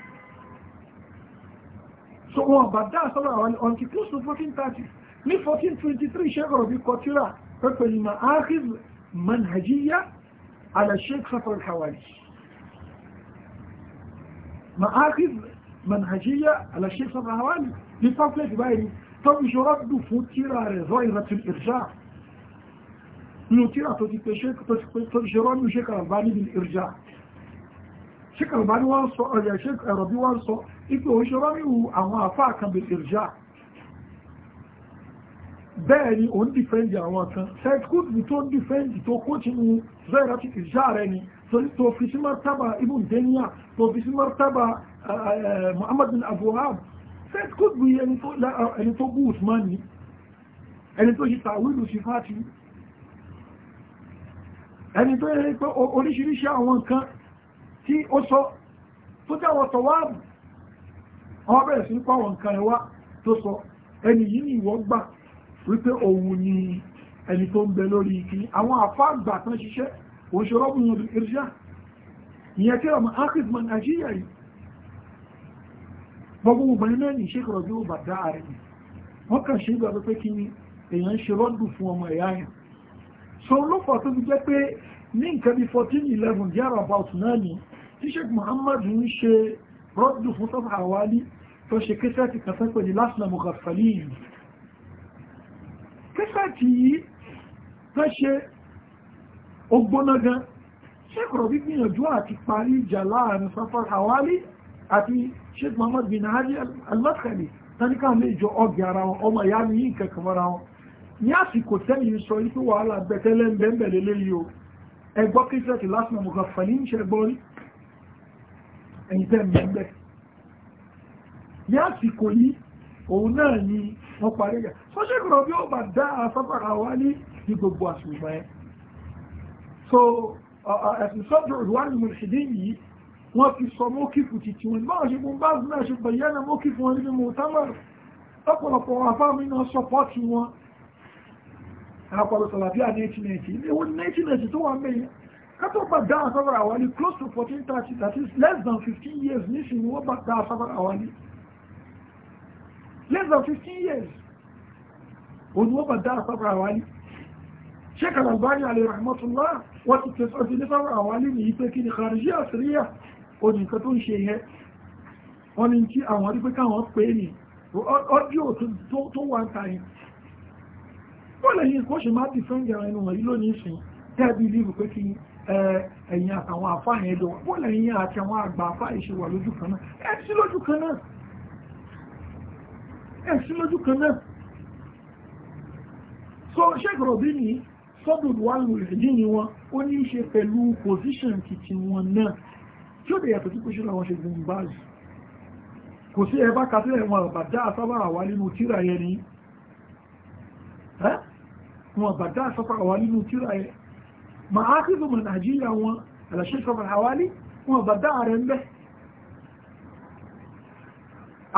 so wọn bá dá asrafa al until close to 1430 ní 1423 Sheikh Rabi kọtíra pẹ́pẹ́ ni ma'akhiz manhajiyya ala Sheikh Safar al ma'ákìz manhajiyya ala Sheikh Al-Rahawani ní pamphlet báyìí tó fi ṣọ́rọ́dù fún tíra rẹ̀ zọ́ ìrẹ̀tún ìrṣà inú tíra tó ti pé ṣọ́rọ́dù Sheikh Al-Albani bil ìrṣà Sheikh Al-Albani wọ́n sọ ọ̀yà Sheikh Al-Rabi wọ́n sọ ipò òṣèrọ́míwù àwọn àfáà kan bil ìrṣà bẹ́ẹ̀ ni òun dìfẹ́ndì àwọn kan sẹ́kùtù tó dìfẹ́ndì tó kó tinú zọ́ ìrẹ̀tún ìrṣà rẹ̀ ni tó fi sí martaba ibn Taymiyyah tó fi sí martaba eh, eh, Muhammad bin Abdul Wahhab fẹ́t kó bí ẹni tó bú Usman ni ẹni tó ṣe tàwílù sí fàtí ẹni tó yẹ pé oríṣiríṣi àwọn nǹkan tí ó sọ tó jáwọ́ tọ̀wáàbù wọ́n bẹ̀rẹ̀ sí pàwọn nǹkan ẹwà tó sọ ẹni yìí ni ìwọ gbà wípé òun ni ẹni tó ń bẹ lórí ìkí àwọn àfáàgbà tán ṣiṣẹ́ wọ́n ṣe rọ́bùn ní ìrìṣà ìyẹn kí ọmọ akif man ajíyà yìí gbogbo obìnrin náà ní ṣékọ̀rọ̀ bí ó bà dá ààrẹ ni wọ́n kàn ṣe ìgbà pé kí ni èèyàn ṣe rọ́dùn fún ọmọ ẹ̀yà yẹn so lọ́pàá tó fi jẹ́ pé ní nǹkan bí 1411 díẹ̀ about náà ni tí sheik muhammadu ń ṣe rọ́dùn fún sọ́fà àwálí tó ṣe kẹsẹ́ẹ̀tì kan fẹ́ pẹ̀lú lásìlẹ̀ mọ̀gàfàlì yìí kẹsẹ́ẹ̀tì yìí tó ṣe ó gbóná gan sheikh rọ̀bí gbìyànjú àti parí ìjà láàrin Safar Hawali àti sheikh Muhammad bin Hadi al-Madkhali tánikà méjọ ọgẹ ara wọn ọmọ ìyá mi yìí kankan mọ́ra wọn ní àsìkò tẹ́yìn sọ yìí pé wàhálà bẹ̀tẹ́lẹ̀ ń bẹ̀ẹ̀ bẹ̀rẹ̀ léyìí o ẹgbọ́ kírísẹ́tì lásìmọ̀ mọ̀gá fàní ń ṣẹgbọ́ rí ẹ̀yìn tẹ́ so ẹ̀sùn sọ́dọ̀ ìwádìí mùsùlùmí yìí wọ́n fi sọ mọ́kífù títí wọn báwọn ṣe fún báwọn náà ṣe bẹ̀yẹ́ na mọ́kífù wọn nínú mọ̀tàmà ọ̀pọ̀lọpọ̀ àfáàmì náà sọpọ́tì wọn àpọ̀lọ̀ sàlàfíà 1990 ewu 1990 tó wà mẹ́yìn kátọ́gbà dá àsábàrà àwálí close to 1430 that is less than 15 years nísìnyí wọ́n bá dá àsábàrà àwálí less than 15 years òun wọ́n bá dá àsábàrà àwálí Sheikh Al-Albani alayhi wọ́n ti tẹ̀sọ́ sí ní sọ́rọ̀ àwọn alẹ́ nìyí pé kí ni kàrìsí àṣíríyà ó ní nǹkan tó ń ṣe yẹn wọ́n ní tí àwọn rí pé káwọn pè ní ọdíò tó wà ń ta yẹn wọ́n lẹ́yìn kó ṣe má ti fẹ́ǹgì ara ẹnu wọ̀nyí lónìí sìn tẹ́ẹ̀bì lílù pé kí ẹ̀yìn àtàwọn àfáà yẹn dọ̀ wọ́n lẹ́yìn àti àwọn àgbà àfáà yìí wà lójú kan náà ẹ̀ sí lójú kan náà ẹ̀ sí lójú kan náà sọ́dùn wà lórí yìí wọn ó ní í ṣe pẹ̀lú pòsíṣàn títí wọn náà tí ó lè yàtọ̀ tí kò ṣe làwọn ṣe gbọ̀n báyìí kò sí ẹbá kásílẹ̀ wọn bàdá àsábà àwá nínú tíra yẹn ni wọn bàdá àsábà àwá nínú tíra yẹn ma á kí ló mọ̀ nàìjíríà wọn àlàṣẹ ìṣọ́bà àwá ní wọn bàdá rẹ̀ ń bẹ́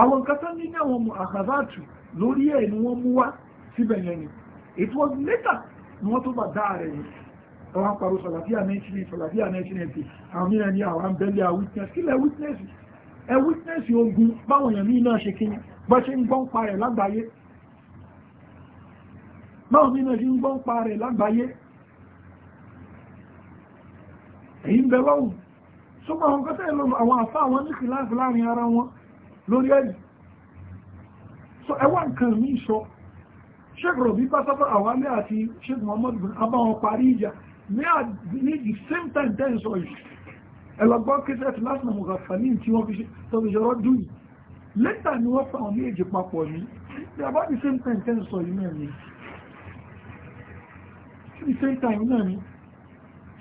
àwọn kásán ní àwọn àkàzátù lórí ẹ̀ ni wọ́n mú wá síbẹ̀ yẹn ni it was later ni wọ́n tó bà dáa rẹ̀ yìí àwọn parò sọ̀làfíà 1980 sọ̀làfíà 1980 àwọn mìíràn ní àwọn abẹ́lẹ̀ witness kí lẹ witness ẹ witness ogun báwọn èèyàn ní náà ṣe kí ni bá ṣe ń gbọ́n pa rẹ̀ lágbàáyé báwọn mìíràn ṣe ń gbọ́n pa rẹ̀ lágbàáyé èyí ń bẹ lọ́wọ́ ṣùgbọ́n àwọn kọ́tẹ́ lọ àwọn àfá àwọn ní kìláàfì láàrin ara wọn lórí ẹ̀yìn so ẹwà nǹkan mi sheikh robi pátápá àwálé àti sheikh muhammad bin abáwọn parí ìjà ní the same time ten sọ yìí ẹlọgbọ́n kẹsẹ̀tì lásìkò mọ̀gàfàní tí wọ́n fi tọ́bìṣọ́rọ́ dùn yìí lẹ́tà ni wọ́n fa àwọn méjì papọ̀ ní they about the same time ten sọ yìí náà ni the same time náà ni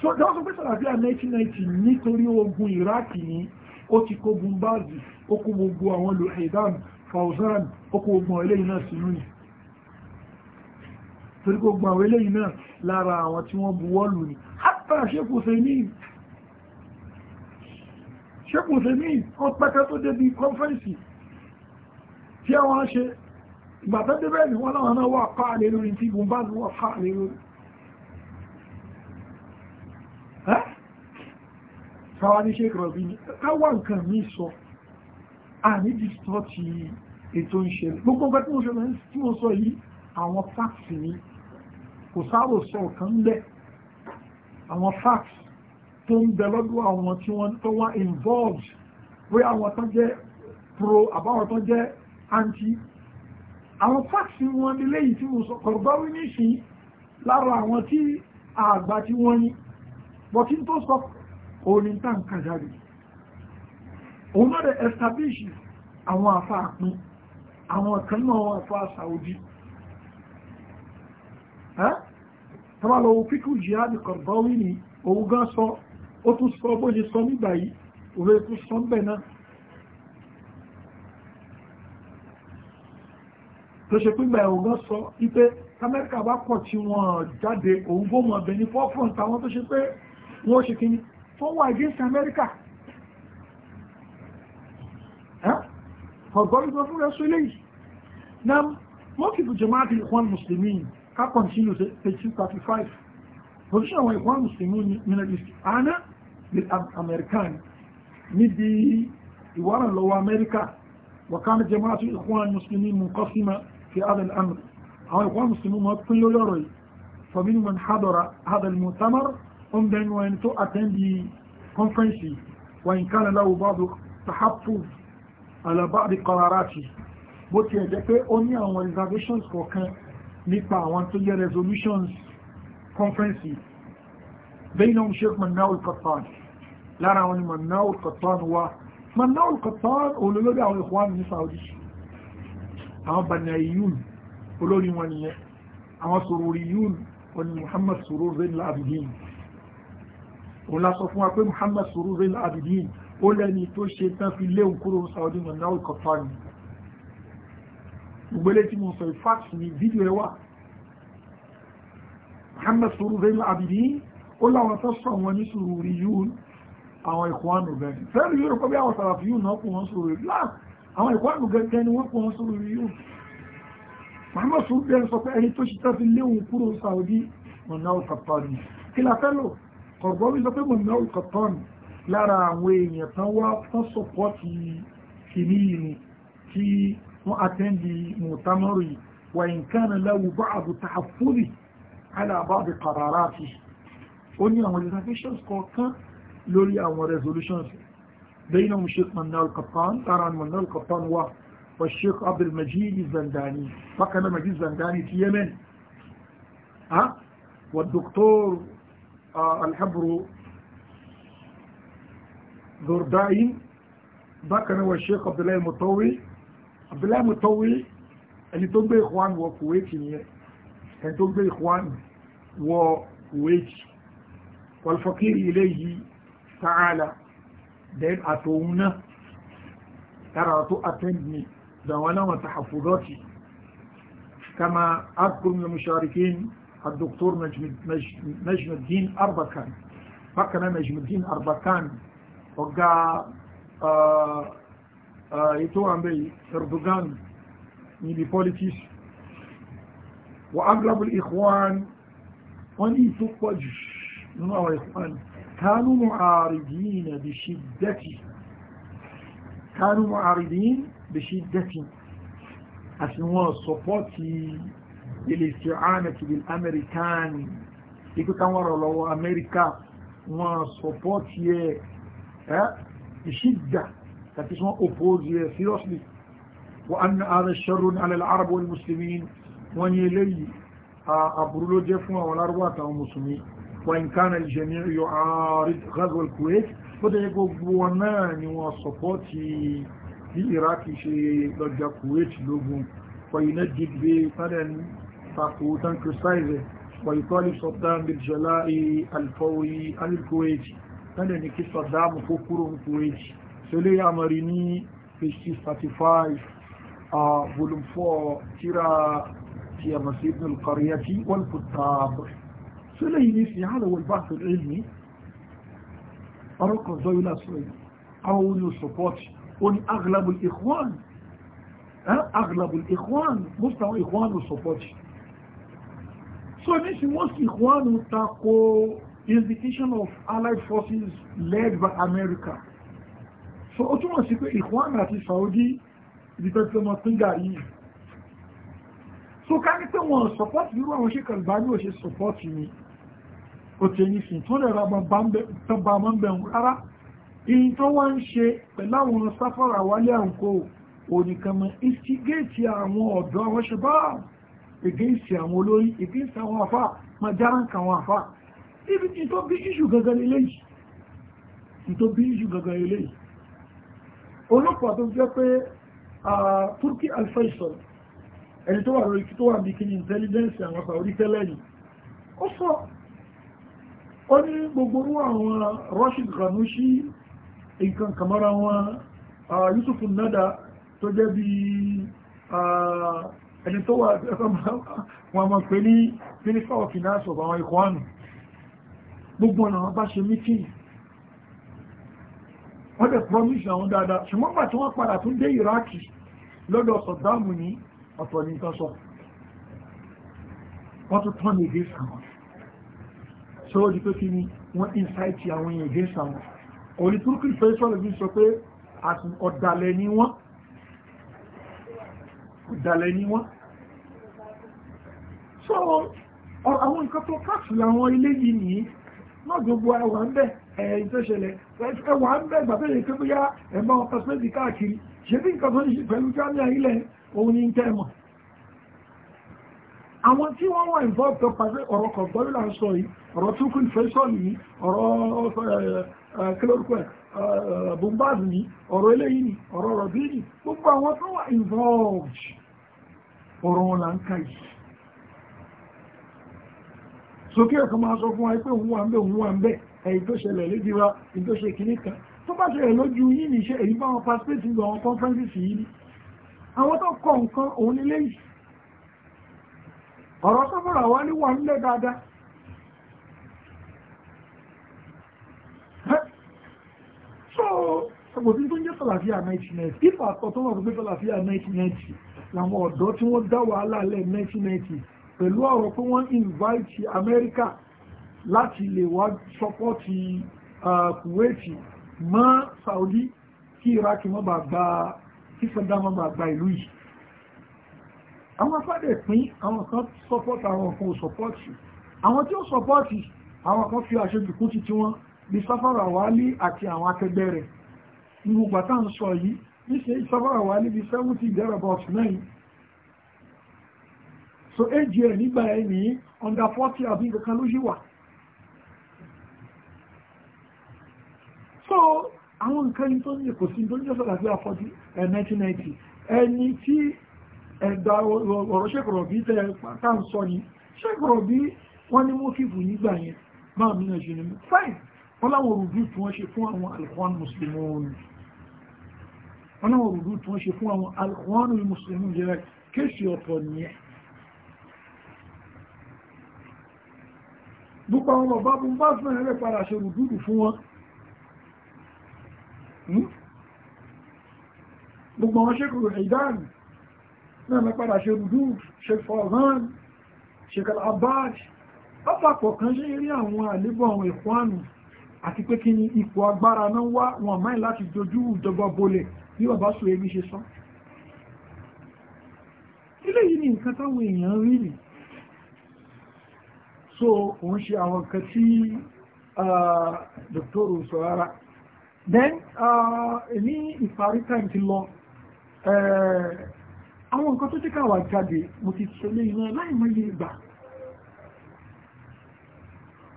so dáwọn sọ pé sàlàbíà 1990 nítorí ogun iraq ni ó ti kó gun báàzì ó kó gbogbo àwọn lòhìdán fauzan ó kó gbogbo eléyìí náà sínú yìí torí gbogbo àwọn eléyìí náà lára àwọn tí wọ́n buwọ́lù ni hátà ṣékùnṣe ní ṣékùnṣe ní ọ pẹ́kẹ́ tó débi kọ́nfẹ́ǹsì tí àwọn ṣe ìgbàtọ́ débẹ̀ ni wọ́n láwọn náà wà fáàlẹ̀ lórí tí gun bá wà fáàlẹ̀ lórí káwà ní ṣe kọ̀rọ̀bí nǹkan mí sọ àní dìstọ́ ètò ìṣẹ̀lẹ̀ gbogbo ọgbẹ́ tí mo sọ yìí àwọn fáàkì ni kò sáró sọ ọ̀kan ń bẹ́ àwọn facts tó ń bẹ lọ́dọ̀ àwọn tí wọ́n tó wá involved bóyá àwọn tó jẹ́ pro àbáwọn tó jẹ́ anti àwọn facts wọn ní léyìí tí mo sọ kọ̀rọ̀dọ́wí níṣì lára àwọn tí àgbà tí wọ́n ní bọ́tí tó sọ òní tàǹkà jáde òun náà establish àwọn àfa àpín àwọn kan náà àfa Saudi tọ́bá lọ fíkù jihadi kọ̀bọ́wí ni òun gán sọ ó tún sọ bó ṣe sọ nígbà yìí òwe tún sọ ń bẹ̀ náà tó ṣe pín bẹ̀rẹ̀ òun gán sọ wípé amẹ́ríkà bá pọ̀ tí wọ́n jáde òun gbó mọ̀ bẹ̀ ní fọ́fọ́n táwọn tó ṣe pé wọ́n ṣe kí ni tó wà against amẹ́ríkà ọ̀gbọ́n ìgbọ́n fún rẹ̀ eléyìí na mọ́kìbù jama'atul ikhwan muslimin ká continue sí page 235 position àwọn ìkwọ́n mùsùlùmí middle east ana bil american níbi ìwárán lọ́wọ́ amẹ́ríkà wọ̀kánà jama'atu ìkwọ́n mùsùlùmí munqasima fi adal amr àwọn ìkwọ́n mùsùlùmí wọn pín lórí فمن من حضر هذا المؤتمر هم بين وين تو attend the conference وإن كان له بعض تحفظ على بعض قراراته bó ti ẹ̀jẹ́ pé ó ní àwọn nípa àwọn tó jẹ́ resolutions conference bẹ́yìnà sheikh mannaul qattan lára wọn ni mannaul qattan wá mannaul qattan olólórí àwọn ikhwan ní saudi àwọn banayiyun olórí wọn ni àwọn sururiyun wọn ni muhammad surur zain al-abidin òun la sọ fún wa pé muhammad surur zain al-abidin ó lẹ́ni tó ṣe tán fi léun kúrò saudi mannaul qattan gbogbo ilé tí mo sọ ìfáàkì ní fídíò ẹ wà Muhammad suru zain abidi ó láwọn tó sọ wọn ní sùúrù rí yún àwọn ìkwánù gẹ́gẹ́ fẹ́rù yóò rọ̀pọ̀ bí àwọn sàràfí yún náà kún wọn sùúrù rí láà àwọn ìkwánù gẹ́gẹ́ ni wọ́n kún wọn sùúrù rí yún Muhammad suru bẹ́ẹ̀ sọ pé ẹni tó ṣiṣẹ́ fi léwu وأتندي مؤتمر وإن كان له بعض تحفظي على بعض قراراته قلني أول ريزافيشنز كوكا لوري أو ريزولوشنز بينهم الشيخ منال القطان ترى منال القطان هو والشيخ عبد المجيد الزنداني فكان المجيد الزنداني في اليمن ها والدكتور آه الحبر زردائي ذاك هو الشيخ عبد الله المطوي عبد الله متوي اللي تون بي اخوان هو كويتي نيه كان تون بي اخوان هو كويتي والفقير اليه تعالى دين اتونا ترى تو اتندني دوانا وتحفظاتي كما اذكر من المشاركين الدكتور نجم نجم الدين اربكان فكنا نجم الدين اربكان وقال ètò àmì Erdogan níbi politics wà aglabul ikhwan wọ́n ní tó pọ̀ jù nínú àwọn ikhwan kánú mu'aridin bi shiddati kánú mu'aridin bi shiddati àti wọ́n sọpọ́tì ilé isti'anati bil amerikani ikú táwọn rọ̀ lọ́wọ́ amẹ́ríkà wọ́n sọpọ́tì ẹ̀ ìṣídà that is not opposed here وأن هذا الشر على العرب والمسلمين وأن يلي أبرو له جفوا والأرواة والمسلمين وإن كان الجميع يعارض غزو الكويت فده يقولوا ناني وصفاتي في إراكي شيء ضد الكويت لهم وينجد بطلا فقوتا كريستايزه ويطالب صدام بالجلاء الفوري عن الكويت فده نكي صدام فكر الكويت sọlẹ̀ àmàrí ní page 635 uh, volume 4 tíra ti a masu ibn al-qaryati wal kutab sọlẹ̀ yìí ní sìhálà wal ba'th al-ilmi ọ̀rọ̀kọ̀ zọ́yìnlá sọ́yìn àwọn olùsọ̀pọ̀t ó ní aglabul ikhwan aglabul ikhwan mustawọ̀ ikhwan olùsọ̀pọ̀t so ní sí ikhwan tako invitation of allied forces led by America so ó túnmọ̀ sí pé ìkwọ́n àti Saudi ìdíkẹ́tì ọmọ pín gàrí yìí so ká ní pé wọn sọpọ́tì irú àwọn ṣékà ìbáyé ò ṣe sọpọ́tì ni ó tẹ ní sí tó lẹ́ra bá mọ́ bẹ̀rún rárá ìyìn tó wá ń ṣe pẹ̀lú àwọn sáfàrà wálé àǹkó òníkànmọ́ instigate àwọn ọ̀dọ́ àwọn ṣe bá against àwọn olórí against àwọn afá ma járánkà àwọn afá ibi tí tó bí iṣu gangan eléyìí olùpọ̀ tó jẹ́ pé Turki Al-Faisal ẹni tó wà lórí tó wà bíi kíni intelligence àwọn Saudi tẹ́lẹ̀ yìí ó sọ ó ní gbogbo orú àwọn Rashid Ghanushi nǹkan kàmára wọn Yusuf Nada tó jẹ́ bíi ẹni tó wà wọn mọ̀ pé ní minister of finance of àwọn ìkọ́ ànù gbogbo ọ̀nà wọn bá ṣe mítìnì wọ́n dẹ̀ promise àwọn dáadáa ṣùgbọ́n gbà tí wọ́n padà tún dé iraki lọ́dọ̀ sọ̀dáàmù ní ọ̀tọ̀ ní nǹkan sọ wọ́n tún tán ní against àwọn ṣé ó di pé kí ni wọ́n insight àwọn èèyàn against àwọn òní turkey fẹ́sọ̀lù bí sọ pé ọ̀dàlẹ̀ ni wọ́n ọ̀dàlẹ̀ ni wọ́n so àwọn nǹkan tó kásù àwọn ilé yìí nìyí náà gbogbo ẹwà ń bẹ ẹ̀yìn tó ṣẹlẹ̀ ẹwà ń bẹ gbàtọ́ yìí tó bóyá ẹ̀mọ́ ọ̀tọ̀ sẹ́ẹ̀dì káàkiri ṣe bí nǹkan tó ní ṣe pẹ̀lú jámíà ilẹ̀ òun ní tẹ́ mọ̀ àwọn tí wọ́n wà involved tó pàṣẹ ọ̀rọ̀ kọ̀ọ̀gbọ́n là ń sọ yìí ọ̀rọ̀ túkú ìfẹ́sọ̀ yìí ọ̀rọ̀ kílórúkọ bombard ni ọ̀rọ̀ eléyìí ni ọ̀rọ̀ rọ̀bí ni gbogbo àwọn tó wà involved ọ̀rọ̀ wọn là ń ka yìí sókè ọ̀kan máa sọ fún wa pé òun wà ń bẹ̀ òun wà ń bẹ̀ ẹ̀yìn tó ṣẹlẹ̀ lédi wa èyí tó ṣe kìíní kan tó bá ṣẹlẹ̀ lójú yìí níṣẹ́ èyí bá wọn participate nínú àwọn conferences yìí ni àwọn tó kọ nǹkan òun nílé yìí ọ̀rọ̀ sọ́fọ̀rọ̀ àwa ní wà nílẹ̀ dáadáa so ṣàgbọ̀tí tó ń jẹ́ sàlàfíà 1990 if àtọ̀ tó wà fún pé sàlàfíà 1990 làwọn ọ̀dọ́ tí wọ́n dá wàhálà lẹ̀ 1990 pẹ̀lú ọ̀rọ̀ pé wọ́n invite Amẹ́ríkà láti lè wá sọ́pọ́tì uh, Kuwait mọ́ Saudi kí Iraq mọ́ bà gba kí Saddam mọ́ bà gba ìlú yìí àwọn afáde pín àwọn kan sọ́pọ́tì àwọn kan ò sọ́pọ́tì àwọn tí ó sọ́pọ́tì àwọn kan fi àṣejù kún ti tiwọn bí sáfàrà wálé àti àwọn akẹgbẹ́ rẹ̀ ní gbogbo àtàǹsọ yìí ní ṣe ìsáfàrà wálé bí 70 thereabouts 9 so éjì rẹ̀ nígbà ẹ̀ ní under forty àbí nǹkan ló yí wà. so àwọn nǹkan yìí tó ní kò sí tó ní jẹ́ sọ̀rọ̀ àti àfọ́jú ẹ̀ eh, nineteen ninety ẹni tí ẹ̀dà ọ̀rọ̀ ṣèkọ̀rọ̀ bí tẹ pátá ń sọ ni ṣèkọ̀rọ̀ bí wọ́n ní mọ́kìfù nígbà yẹn máa mí náà ṣe ni fine wọ́n láwọn òrùdú tí wọ́n ṣe fún àwọn alkwan mùsùlùmí wọ́n láwọn òrùdú tí wọ́n ṣe fún àwọn alkwan mùsùlùmí jẹ́rẹ̀ kéṣì ọ̀tọ̀ nìyẹn gbogbo àwọn ọba bú bá fún ẹ̀rẹ́ para ṣe rùdúdù fún wọn hmm? gbogbo àwọn ṣe kòrò ìdáàmì náà mẹ́ padà ṣe rùdúdù ṣe fọ́ọ̀rán ṣe kalabaj ọpapọ̀ kan ṣe rí àwọn àlébọ̀ àwọn ẹ̀kọ́ ànù àti pé kí ni ipò agbára náà wá wọn máì láti dojú ìjọba bolẹ̀ bí bàbá sọ èmi ṣe sọ ilé yìí ni nǹkan táwọn èèyàn rí nìí so òun ṣe àwọn nǹkan tí dọ̀tọ́rù sọ rárá then ní ìparí time ti lọ àwọn nǹkan tó tíkà wà jáde mo ti sọ iná láì mọ́ iye ìgbà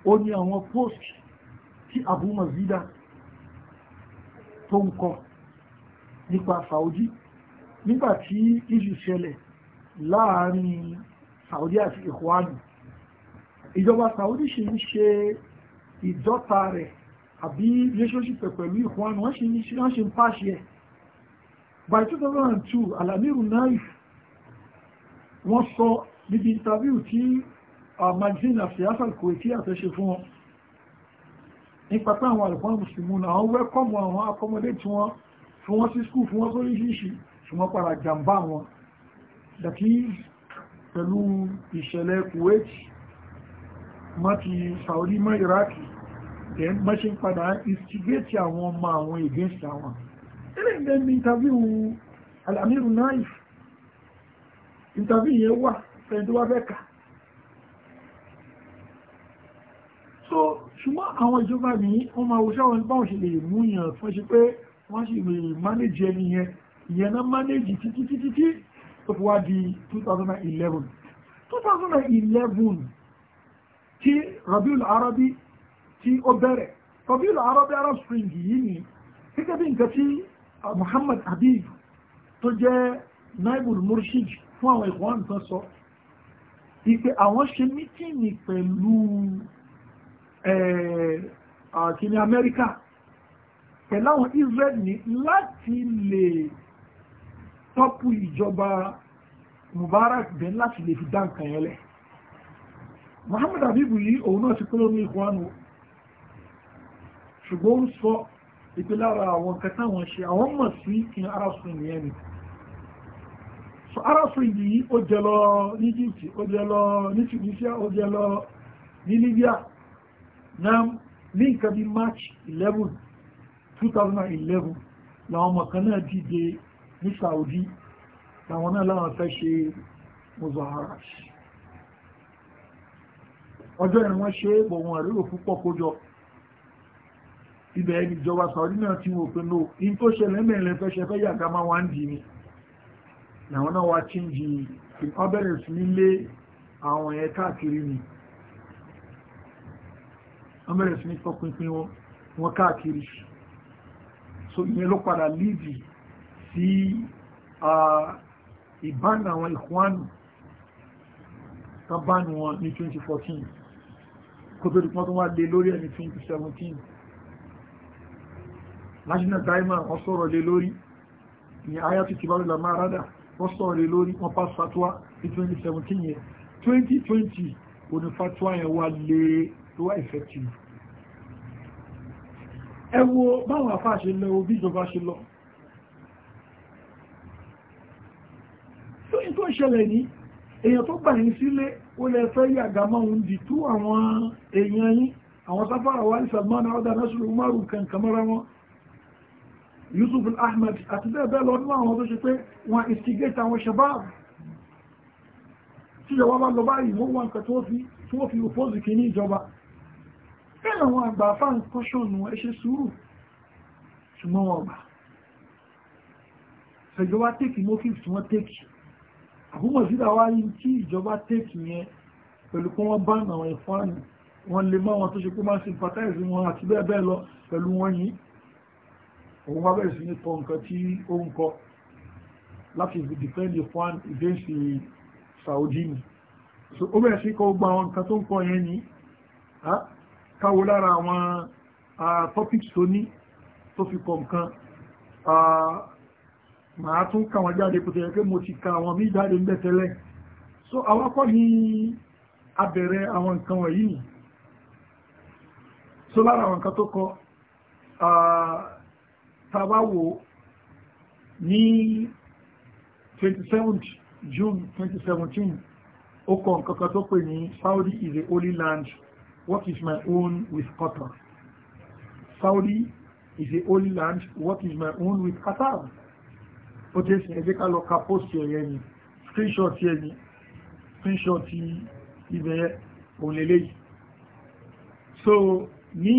ó ní àwọn post tí Abu Mazida tó ń kọ nípa Saudi nígbàtí ìjù ṣẹlẹ̀ láàrin Saudi àti Ikhwani ìjọba Saudi ṣì ń ṣe ìdọ́ta rẹ̀ àbí relationship pẹ̀lú ìkùnwánu wọ́n ṣe ń pàṣẹ ẹ̀ by 2002 alamiru naif wọ́n sọ níbi interview tí uh, magazine àfíàsà kò tí àtẹ́ṣe fún wọn nípa pé àwọn àlùfáà mùsùlùmí náà wọ́n wẹ́kọ̀mù àwọn accommodate wọn fún wọn sí skul fún wọn tó ríṣìíṣìí ṣùgbọ́n para jàǹbá wọn that is pẹ̀lú ìṣẹ̀lẹ̀ Kuwait mọ́ Saudi mọ́ Iraki then mọ́ ṣe ń padà instigate àwọn ọmọ àwọn against àwọn eléyìí lẹ́nu interview Al-Amiru Naif interview yẹn wà fẹ́ni tó wá fẹ́ so ṣùgbọ́n àwọn ìjọba ní wọ́n máa wo ṣáwọn báwọn ṣe lè mú yàn fún ṣe pé wọ́n ṣe lè manage ẹni yẹn ìyẹn náà manage títí títí tí ó fi wá di 2011 2011 tí Rabiul Arabi tí ó bẹ̀rẹ̀ Rabiul Arabi Arab Spring yìí ni gẹ́gẹ́ bí nǹkan tí Muhammad Habib tó jẹ́ naibul murshid fún àwọn ìwọ̀n nǹkan sọ ìpè àwọn ṣe mítíìnì pẹ̀lú eh, ah, kìnìún Amẹ́ríkà pẹ̀lú àwọn Israel ní láti lè tọ́pù ìjọba Mubarak bẹ́ẹ̀ láti lè fi dá nǹkan yẹn lẹ̀ Muhammad Habibu yìí òun náà ti kúrò ní ìkwánu ṣùgbọ́n ó sọ ìpìlára àwọn kẹta wọn ṣe àwọn mọ̀ sí kí arasun nìyẹn ni so arasun yìí ó jẹ lọ ní Egypt ó jẹ lọ ní Tunisia ó jẹ lọ ní Libya náà ní nǹkan bí March 11 2011 làwọn ọmọ kan náà dìde ní Saudi làwọn náà láwọn fẹ́ ṣe muzahara ọjọ́ ìrìn wọ́n ṣe bọ̀ wọn àríwò púpọ̀ kójọ ibẹ̀ ẹni ìjọba Saudi náà ti wò pé no in tó ṣẹlẹ̀ mẹ́rin fẹ́ ṣe fẹ́ yàgá máa wá ń dì ní làwọn náà wá chíńjì ọbẹ̀rẹ̀ sí nílé àwọn ẹ̀ káàkiri ni wọ́n bẹ̀rẹ̀ sí ní tọpinpin wọn káàkiri so ìyẹn ló padà lídì sí ìbánu àwọn ìkwánu tán bánu wọn ní 2014 kò tó dìpọ́n tó wá lé lórí ẹni 2017 national diamond wọ́n sọ̀rọ̀ lé lórí ní ayatò ti bá lọ́la máa rádà wọ́n sọ̀rọ̀ lé lórí wọ́n pass fatwa ní 2017 yẹn 2020 òní fatwa yẹn wá lé lówà effective ẹ wo báwọn afá ṣe lọ o bí ìjọba ṣe lọ tó ń ṣẹlẹ̀ ní èèyàn tó gbà ní sílé ó lè fẹ́ yàgà máhùn dì tú àwọn èèyàn yín àwọn sáfàrà wà ní salman àwọn danasuru umaru kan kamara wọn yusuf ahmed àti bẹ́ẹ̀ bẹ́ẹ̀ lọ́dún àwọn tó ṣe pé wọn instigate àwọn shabab tí ìjọba bá lọ báyìí wọ́n wà nǹkan tí wọ́n fi òpóòsì kì ní ìjọba bẹ́ẹ̀ àwọn àgbà afáàn kọ́ṣọ̀nù ẹ ṣe sùúrù ṣùgbọ́n wọn ọ̀gbà ṣèjọba tèkì mọ́ tí wọ́n tèkì àbúmọ̀síra wá yí tí ìjọba tèkì yẹn pẹ̀lú kí wọ́n bá àwọn ẹ̀fọ́nì wọn lè má wọn tó ṣe pé máa sympathize wọn àti bẹ́ẹ̀ bẹ́ẹ̀ lọ pẹ̀lú wọn yìí òun wá bẹ̀rẹ̀ sí ní tọ nǹkan tí ó ń kọ láti fi defend ẹ̀fọ́nì against Saudi ni so ó bẹ̀rẹ̀ sí kọ gba àwọn nǹkan tó ń kọ yẹn ni káwo lára àwọn ah, topics tó ní tó fi kọ nǹkan ah, màá tún ká wọn jáde kò tẹ̀yẹ pé mo ti ka àwọn míì jáde ńbẹ tẹ́lẹ̀ so àwọn kọ́ ni abẹ̀rẹ̀ àwọn nǹkan wọ̀nyí ni so lára àwọn nǹkan tó kọ tabawo ní 27 June 2017 ó kọ nǹkan tó pè ní Saudi is a holy land what is my own with Qatar Saudi is a holy land what is my own with Qatar ó tẹ́ sí ẹjẹ́ ká lọ ka post ẹ̀yẹ ni screenshot ẹ̀ ni screenshot ibẹ̀ òlélẹ́ yìí so ní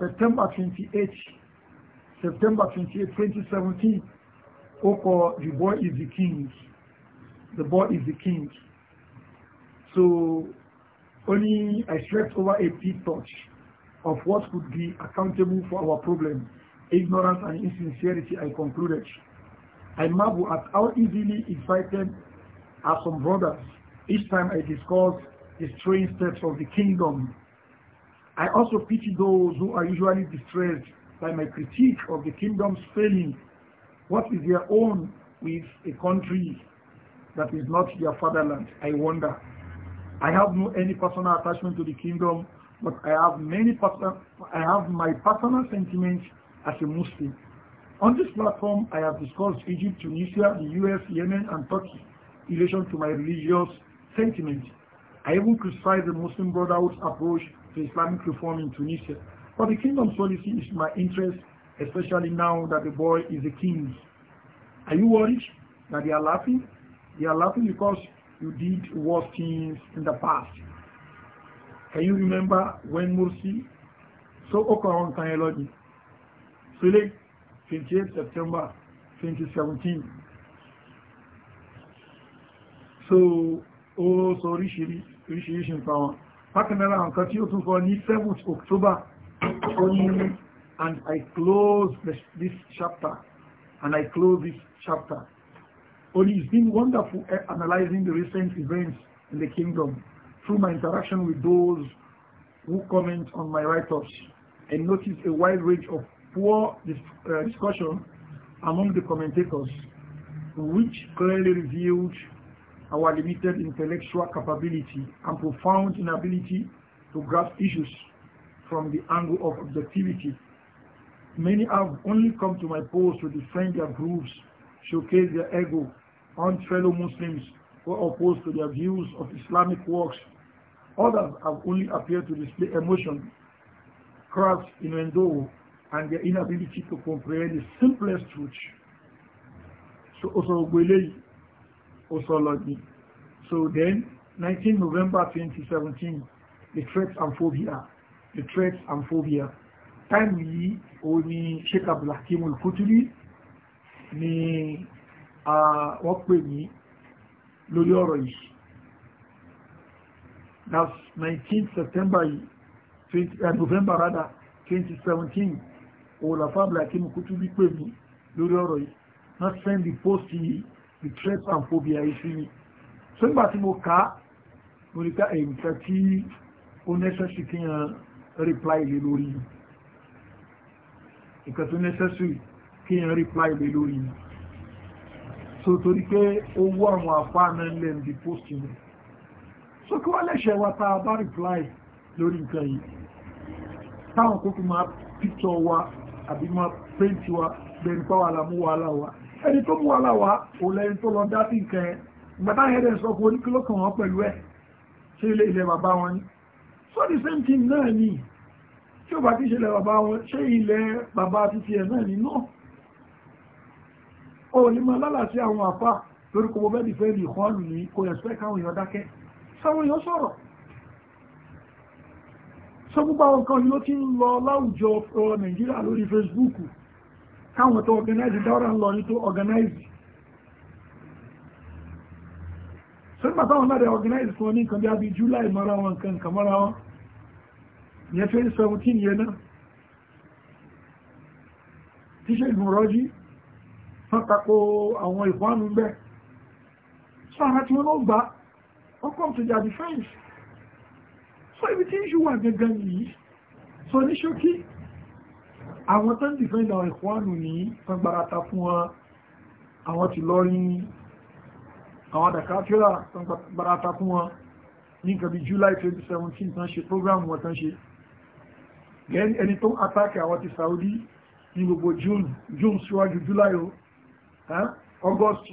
September 28 September 28 2017 ó kọ the boy is the king the boy is the king so ó ní I stressed over a big touch of what could be accountable for our problem ignorance and insincerity, I concluded. I marvel at how easily excited are some brothers each time I discuss the strange steps of the kingdom. I also pity those who are usually distressed by my critique of the kingdom's failing. What is their own with a country that is not their fatherland? I wonder. I have no any personal attachment to the kingdom, but I have many I have my personal sentiments as a Muslim. On this platform, I have discussed Egypt, Tunisia, the US, Yemen, and Turkey in relation to my religious sentiment. I even criticized the Muslim Brotherhood's approach to Islamic reform in Tunisia. But the kingdom's policy is my interest, especially now that the boy is a king. Are you worried that they are laughing? They are laughing because you did worse things in the past. Can you remember when Morsi so Okoron Kanyelodi Philip, 28 September 2017. So, ó sọ oríṣiríṣi nǹkan wọn. Pákanára nǹkan tí ó tún kọ ní 7th October, ó and I close this, this chapter, and I close this chapter. Only it's been wonderful analyzing the recent events in the kingdom through my interaction with those who comment on my write-ups and notice a wide range of poor uh, discussion among the commentators, which clearly revealed our limited intellectual capability and profound inability to grasp issues from the angle of objectivity. Many have only come to my post to defend their groups, showcase their ego on fellow Muslims who are opposed to their views of Islamic works. Others have only appeared to display emotion, crafts, innuendo, and their inability to comprehend the simplest truth. So also Gwelei, also Lodi. So then, 19 November 2017, the threats and phobia, the threats and phobia. Time we yìí, ó ní Sheikh Abdulhakim Al-Kuturi ni wọ́n pè ní lórí ọ̀rọ̀ yìí. That's 19 September 20, uh, eh, November rather, 2017 òwòlà fábùlà kí mo kútú bí pè mí lórí ọ̀rọ̀ yìí wọ́n sẹ́ndì póòsì the threat and phobia yìí sí mi so nígbà tí mo kà á mo rí ká èyí tí ó nẹ́sẹ̀sì kí n reply lé lórí yìí nǹkan tó nẹ́sẹ̀sì kí n reply lé lórí yìí so torí pé ó wọ́ àwọn àpá náà lẹ́nu di póòsì mi so kí wọ́n lẹ́ṣẹ̀ wa tá a bá reply lórí nǹkan yìí táwọn kó fi máa píktọ̀ wa àbí máa pẹ́ǹtì wa bẹ̀rù pàwọ́ àlàmú wa aláwa ẹni tó mú aláwa ò lẹ́yìn tó lọ dá sí nǹkan ẹ̀ ìgbàtà ẹ̀rẹ́ sọ fún oníkílò wọn pẹ̀lú ẹ̀ ṣe ilé ilẹ̀ bàbá wọn ni so the same thing náà ni tí ó bá ti ṣe ilẹ̀ bàbá wọn ṣe ilẹ̀ bàbá títí ẹ̀ náà ni náà ó ní máa lálà sí àwọn àfà lórúkọ bọ́bẹ́ dìfẹ́ ìdí ìkọlù ní kò yẹ̀ sẹ́káwọn èèyàn dákẹ́ sáwọn èèyàn sọ̀rọ̀ so gbogbo àwọn nǹkan ló ti ń lọ láwùjọ ọ̀rọ̀ Nàìjíríà lórí Facebook káwọn tó organize dáwọ́rà ń lọ ní tó organize so nígbà táwọn náà rẹ̀ organize fún ọ ní nǹkan bí abí July mọ́ra wọn nǹkan nǹkan mọ́ra wọn ìyẹn 2017 yẹn náà tíṣe ìgbòrọ́jí wọ́n tako àwọn ìfọ́nù bẹ́ẹ̀ so àwọn tí wọ́n ló gbà wọ́n come to their defense so ibi tí ìṣù wà gẹ́gẹ́ nìyí so ní ṣókí àwọn tó ń dìfẹ́ǹd àwọn ìkọ́ọ̀nù ní pẹ́gbàrata fún wọn àwọn ti lọ rí àwọn àdàkáfíà pẹ́gbàrata fún wọn ní nǹkan bí July 2017 tán ṣe program wọn tán ṣe ẹni tó ń atákì àwọn ti Saudi ní gbogbo June June síwájú July August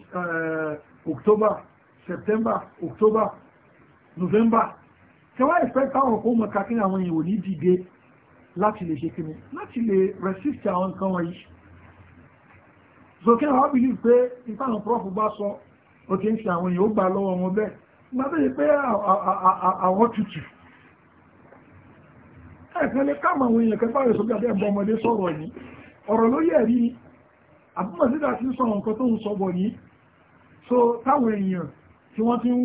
October September October November ṣe wá ìfẹ́ káwọn kó mọ̀ kakí àwọn èèyàn ò ní dìde láti lè ṣe kíni láti lè resist àwọn nǹkan wọ̀nyí zòkè àwọn bìlì pé nípa àwọn prof bá sọ òkè ń ṣe àwọn èèyàn ó gbà lọ́wọ́ wọn bẹ́ẹ̀ nígbà tó yẹ pé àwọn tutù ẹ̀sìn lè káàmà àwọn èèyàn kẹfà rẹ̀ sókè àti ẹ̀bọ ọmọdé sọ̀rọ̀ ní ọ̀rọ̀ ló yẹ̀ rí àbúmọ̀ sídà tí sọ nǹkan tó ń sọ bọ̀ ní so táwọn èèyàn tí wọ́n ti ń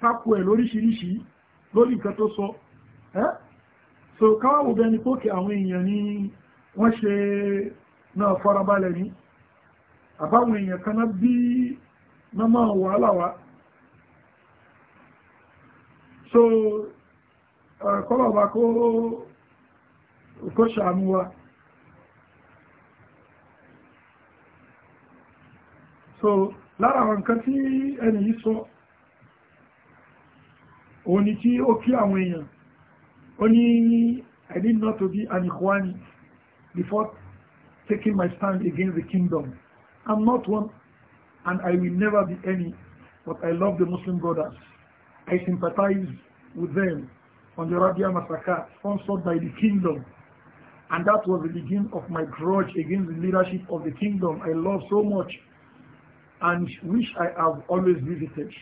tako ẹ̀ lóríṣiríṣi lórí nǹkan tó sọ ẹ́ so káwàwò bẹni pókè àwọn èèyàn ní wọ́n ṣe náà farabalẹ̀ ní àbáwọn èèyàn kaná bí na máa wàhálà wá so kọ́lọ̀bà kó ṣàánú wa so lára àwọn nǹkan tí ẹni yìí sọ so, òní tí ó kí àwọn èèyàn ó ní I need not to be an ikhwani before taking my stand against the kingdom. I'm not one and I will never be any, but I love the Muslim brothers. I sympathize with them on the Rabia massacre sponsored by the kingdom. And that was the beginning of my grudge against the leadership of the kingdom I love so much and which I have always visited.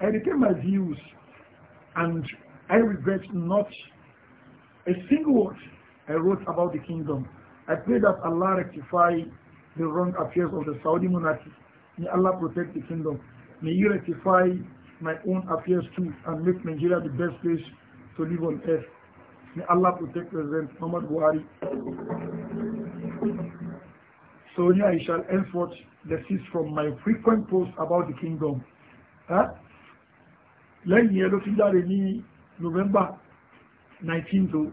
I retain my views and I regret not a single word I wrote about the kingdom. I pray that Allah rectify the wrong affairs of the Saudi monarchy. May Allah protect the kingdom. May you rectify my own affairs too and make Nigeria the best place to live on earth. May Allah protect President Muhammad Buhari. So here I shall henceforth desist from my frequent posts about the kingdom. Huh? lẹ́yìn ẹ ló fi jáde ní november 19th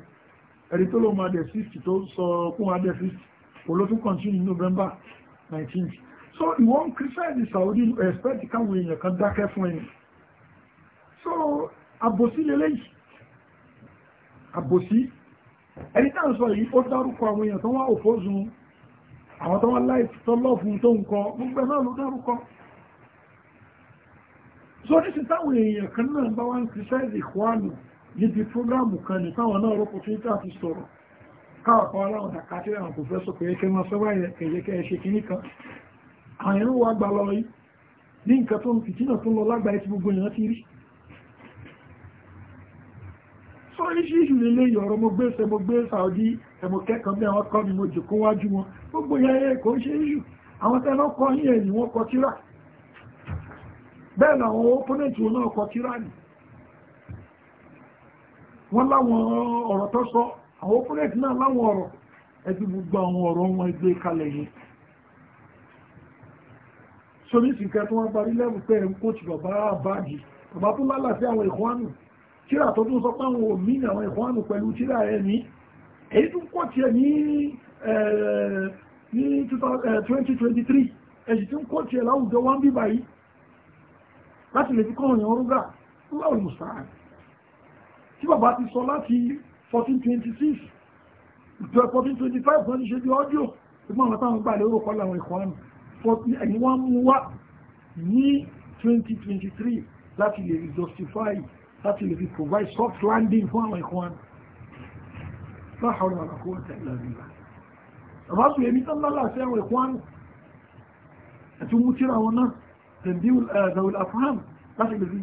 ẹ̀rí tó ló máa dẹ̀ 60 tó sọ kún adẹ̀ 60 kò continue november 19th so ìwọ́n criticize saudi expect káwọn èèyàn kan dákẹ́ fún ẹni so àbòsí lélẹ́yìí àbòsí ẹni tá à ń sọ yìí ó dárúkọ àwọn èèyàn tó wá òfóòsùn àwọn tó wá láìpẹ́ tó lọ́ọ̀fún tó ń kọ gbogbo ẹ̀ náà ló dárúkọ so ní ti táwọn èèyàn kan náà bá wá ń kìrìsáìsì ìkwánù níbi prógrámù kan ní táwọn náà rọ́pò tí níta ti sọ̀rọ̀ káàkọ́ aláwọ̀ dàkátẹ́rẹ́ àwọn pòfẹ́sọ̀ pé ẹkẹ́ máa sọ́wọ́ ẹ̀yẹkẹ́ ẹ̀ṣẹ́ kìíní kan àwọn ẹ̀rọ wa gbà lọ yìí ní nǹkan tó ń fìtínà tó lọ lágbàáyé tí gbogbo èèyàn ti rí sọ oríṣiríṣi nílé ìyọ̀rọ̀ mo gbé ṣe mo gbé Saudi ẹ̀mọ̀ kẹ́kọ̀ọ́ bí àwọn kọ́ ni mo jòkó wájú wọn gbogbo ìyá ẹ̀kọ́ ṣe iṣu àwọn tẹ́lọ́ kọ́ yẹn ni wọ́n kọ tíra bẹ́ẹ̀ na opponent wọn náà kọ tíra nì wọ́n láwọn ọ̀rọ̀ tó sọ àwọn opponent náà láwọn ọ̀rọ̀ ẹbí gbogbo àwọn ọ̀rọ̀ wọn gbé kalẹ̀ yìí sọ́bíìsì kẹ́ tó wọ́n parí lẹ́bù pé ẹ̀ ń kóòtù bàbá àbájì bàbá tó àwọn tíra tó tún sọ pé àwọn àwọn pẹ̀lú 2023 tún láwùjọ wọn láti lè fi kọ́ ọ̀yàn rúgà láwọn mùsàán tí bàbá ti sọ láti 1426 ìjọ 1425 wọ́n ti ṣe bí ọjọ́ ìgbọ́n àwọn táwọn gbà lérò kọ́ láwọn ẹ̀kọ́ àmì ẹ̀yìn wọ́n mú wá ní 2023 láti lè justify láti lè fi provide soft landing fún àwọn ẹ̀kọ́ àmì láhàrá àkó tẹ̀lé àríwá àbáṣù èmi tán lálàáfẹ́ àwọn ẹ̀kọ́ àmì ẹ̀tún mú tíra wọn náà تنبيه ذوي الأفهام الأخ الذي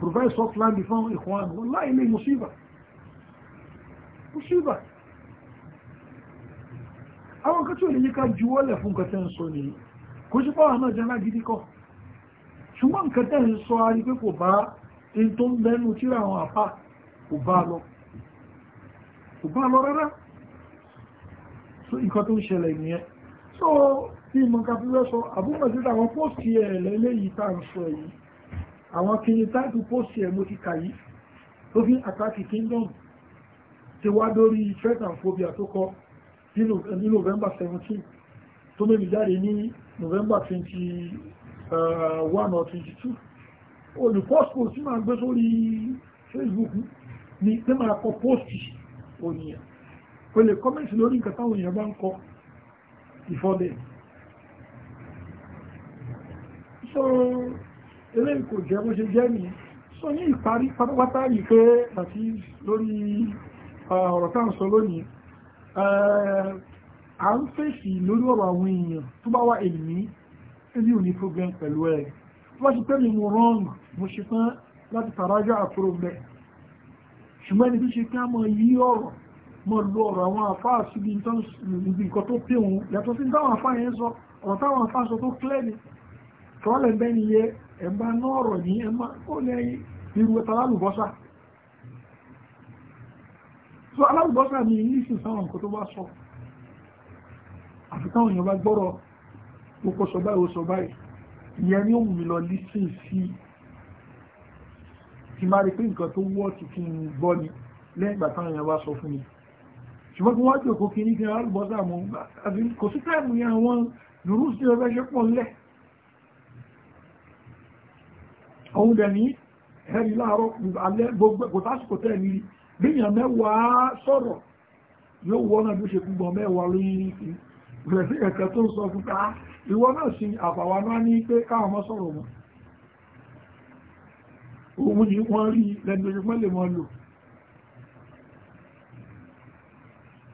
بروفايد صوت لان بفهم إخوان والله إليه مصيبة مصيبة àwọn kan tí ò lè yíká juwọ́lẹ̀ fún nǹkan tẹ́ ń sọ ní kò sí pàwọn náà jẹ́ náà gidi kọ́ ṣùgbọ́n nǹkan tẹ́ ń sọ arí pé kò bá in tó ń bẹnu tíra àwọn àpá kò bá lọ kò bá lọ rárá so nǹkan tó ń ṣẹlẹ̀ nìyẹn so tí ìmọ̀ ká fífẹ́ sọ àbúkọ̀ sí àwọn póòsì ẹ̀ lẹ́lẹ́yìí tá à ń sọ yìí àwọn kìíní táàtù póòsì ẹ̀ mo ti kà yìí tó fi àtàkì kingdom ti wá lórí threat and phobia tó kọ ní November 17 tó mẹ́bí jáde ní November 21 uh, or 22 olùpọ́sìkò tí máa gbé sórí Facebook ní tí máa kọ póòsì òníyàn pẹ̀lẹ̀ kọ́mẹ́ntì lórí nǹkan táwọn èèyàn bá ń kọ ìfọ́dẹ̀ẹ́ so eléyìí kò jẹ́ bó ṣe jẹ́ nìyẹn so ní ìparí pátápátá yìí pé àti lórí uh, ọ̀rọ̀ tá ń sọ lónìí uh, à ń fèsì lórí ọ̀rọ̀ àwọn èèyàn tó bá wá èmi èmi ò ní problem pẹ̀lú ẹ̀ tó bá ti pẹ́ mi mo wrong mo ṣe tán láti tàrájọ́ àkúrò bẹ̀ ṣùgbọ́n ẹni tó ṣe pé mọ yí ọ̀rọ̀ mọ lo ọ̀rọ̀ àwọn àfáà síbi nǹkan tó pé òun yàtọ̀ sí táwọn àfáà yẹn sọ ọ̀rọ̀ táwọn àfáà sọ tó clear ni sọ́ọ̀lẹ̀ bẹ́ẹ̀ ni yẹ ẹ̀mbá nọ́ọ̀rọ̀ ní ẹ̀mbá ó lẹ́yìn irú ẹ̀ta lálùbọ́sà so alálùbọ́sà ni ìlísìn sáwọn nǹkan tó bá sọ àfikún èèyàn bá gbọ́rọ̀ púpọ̀ sọ báyìí ó ìyẹn ni ó mú mi lọ lísìn sí ti máa rí pé nǹkan tó wọ́ ti fi ń gbọ́ ni lẹ́yìn ìgbà táwọn èèyàn bá sọ fún mi ṣùgbọ́n kí wọ́n jòkó kiri kí alálùbọ́sà mú kò sí táìmù yẹn àwọn lùrù sí ọbẹ̀ òun dẹ̀ ní ẹ̀rí láàárọ̀ alẹ́ gbogbo kò tásìkò tẹ́ ní rí bíyàn mẹ́wàá sọ̀rọ̀ yóò wọ́n náà bí ó ṣe kú gbọ́n mẹ́wàá lóyìn ní rẹ̀ sí ẹ̀kẹ́ tó sọ fún ká ìwọ náà sí àfàwà náà ní pé káwọn mọ́ sọ̀rọ̀ mọ́ òun ni wọ́n rí lẹ́nu ojúmọ́ lè mọ́ lò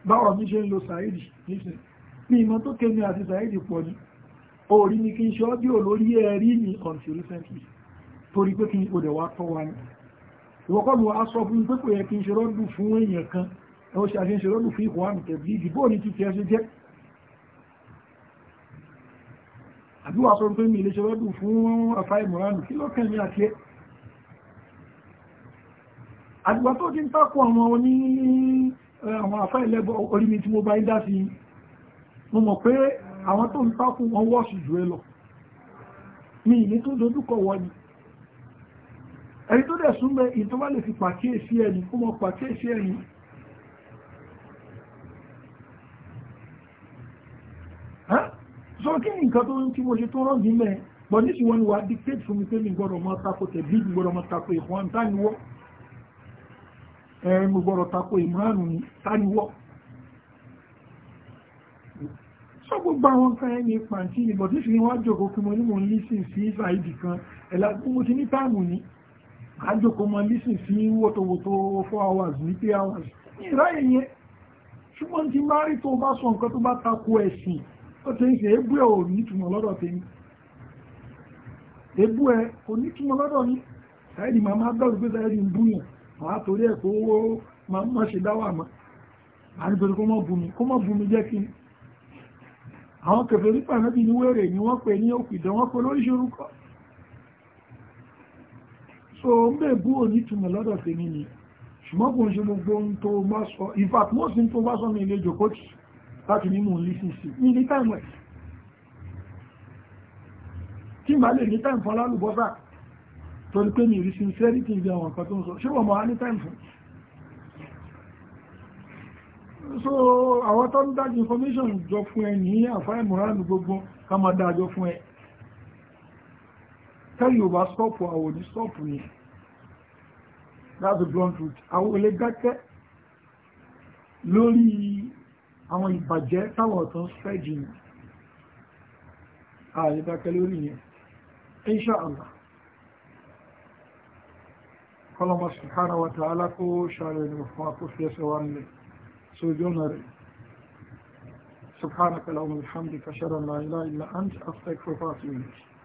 báwọn mi ṣe ń lo sàídì nísìn ní ìmọ̀ tó kéde àti sàídì pọ̀ ní orí ni kí n ṣọ́ bí olórí ẹ̀rí ni until recently torí pé kí o dẹ̀ wá tọ́ wa ní ìwọ̀kọ́lù aṣọ fún pé kò yẹ kí n ṣe rọ́dù fún èèyàn kan ẹwọ́ ṣe àṣẹ rọ́dù fún ìkọ̀ àmì tẹ̀bí ìdìbò ní títí ẹ ṣe jẹ́ àbíwá sọ pé mi lè ṣe rọ́dù fún afá ìmọ̀ránù kí lọ́kàn ní àti ẹ́ àdìgbà tó ti ń tako àwọn oní àwọn afá ìlẹ́bọ̀ orí mi tí mo bá ń dá sí mo mọ̀ pé àwọn tó ń tako wọn wọ́ọ̀ṣù jù ẹ lọ mi ìní tó dojúkọ wọ ẹni tó dẹ̀ súnmọ́ èyí tó bá lè fi pàkíyèsí ẹni kó mọ pàkíyèsí ẹni sọ ni nǹkan tó ń tí mo ṣe tó rán nílẹ̀ bọ̀ ní ṣùgbọ́n ni wà á dictate fún mi pé mi gbọ́dọ̀ máa tako tẹ̀bí mi gbọ́dọ̀ máa tako ìfọ́n tániwọ́ ẹ̀rìn mi gbọ́dọ̀ tako ìmúránù mi tániwọ́ sọ gbogbo àwọn nǹkan ẹni pàǹtí ni bọ̀ ní ṣùgbọ́n wá jòkó kí mo ní mo ń sí ìfàìdì kan ẹ̀là mo ti ní táàmù ni àjòkó mọ lísìn sí wọ́tọ̀wọ́tọ̀ four hours ní three hours ní ìráyè yẹn ṣùgbọ́n tí bá rí tó bá sọ nǹkan tó bá tako ẹ̀sìn ó ti ń ṣe ebú ẹ̀ ò nítumọ̀ lọ́dọ̀ tèmi ebú ẹ̀ kò nítumọ̀ lọ́dọ̀ ní sáyẹ́dì máa máa bẹ̀rù pé sáyẹ́dì ń búyàn máa torí ẹ̀ kó owó máa mọ̀ ṣe dáwà mọ́ àdìbẹ̀rù kó mọ̀ bùnmi kó mọ̀ bùnmi jẹ́ kí àwọn kẹfẹ́ nípa náà bí ní wẹ́rẹ̀ ni wọ́n pè ní òkùdẹ́ wọ́n pè lóríṣiríkọ́ so mẹ́bú ò ní túnmọ̀ lọ́dọ̀ tèmi ni ṣùgbọ́n kò ń ṣe gbogbo ohun tó bá sọ in fact most in tó bá sọ ní ilé jòkótì láti nínú lísìsì ní ilé time west tí màá lè ní time fún alálùbọ́sà torí pé ní ìrísí sincerity ìgbé àwọn nǹkan tó ń sọ ṣé wọ́n mọ̀ á ní time fún so àwọn tó ń dájú information jọ fún ẹ ní àfáà ìmọ̀ràn gbogbo ká máa dájọ fún ẹ tẹ́lẹ̀ ò bá stop àwọn ò ní stop ni that's the blunt truth àwọn olè dákẹ́ lórí àwọn ìbàjẹ́ táwọn ọ̀tún spread jìnà ààrẹ dákẹ́ lórí yẹn insha Allah kọlọmọ subhanahu wa ta'ala kó ṣàrẹ̀ ní fún àkófí ẹsẹ̀ wa nílẹ̀ sójú ọ̀nà rẹ̀ سبحانك اللهم وبحمدك اشهد ان لا اله الا انت استغفرك واتوب اليك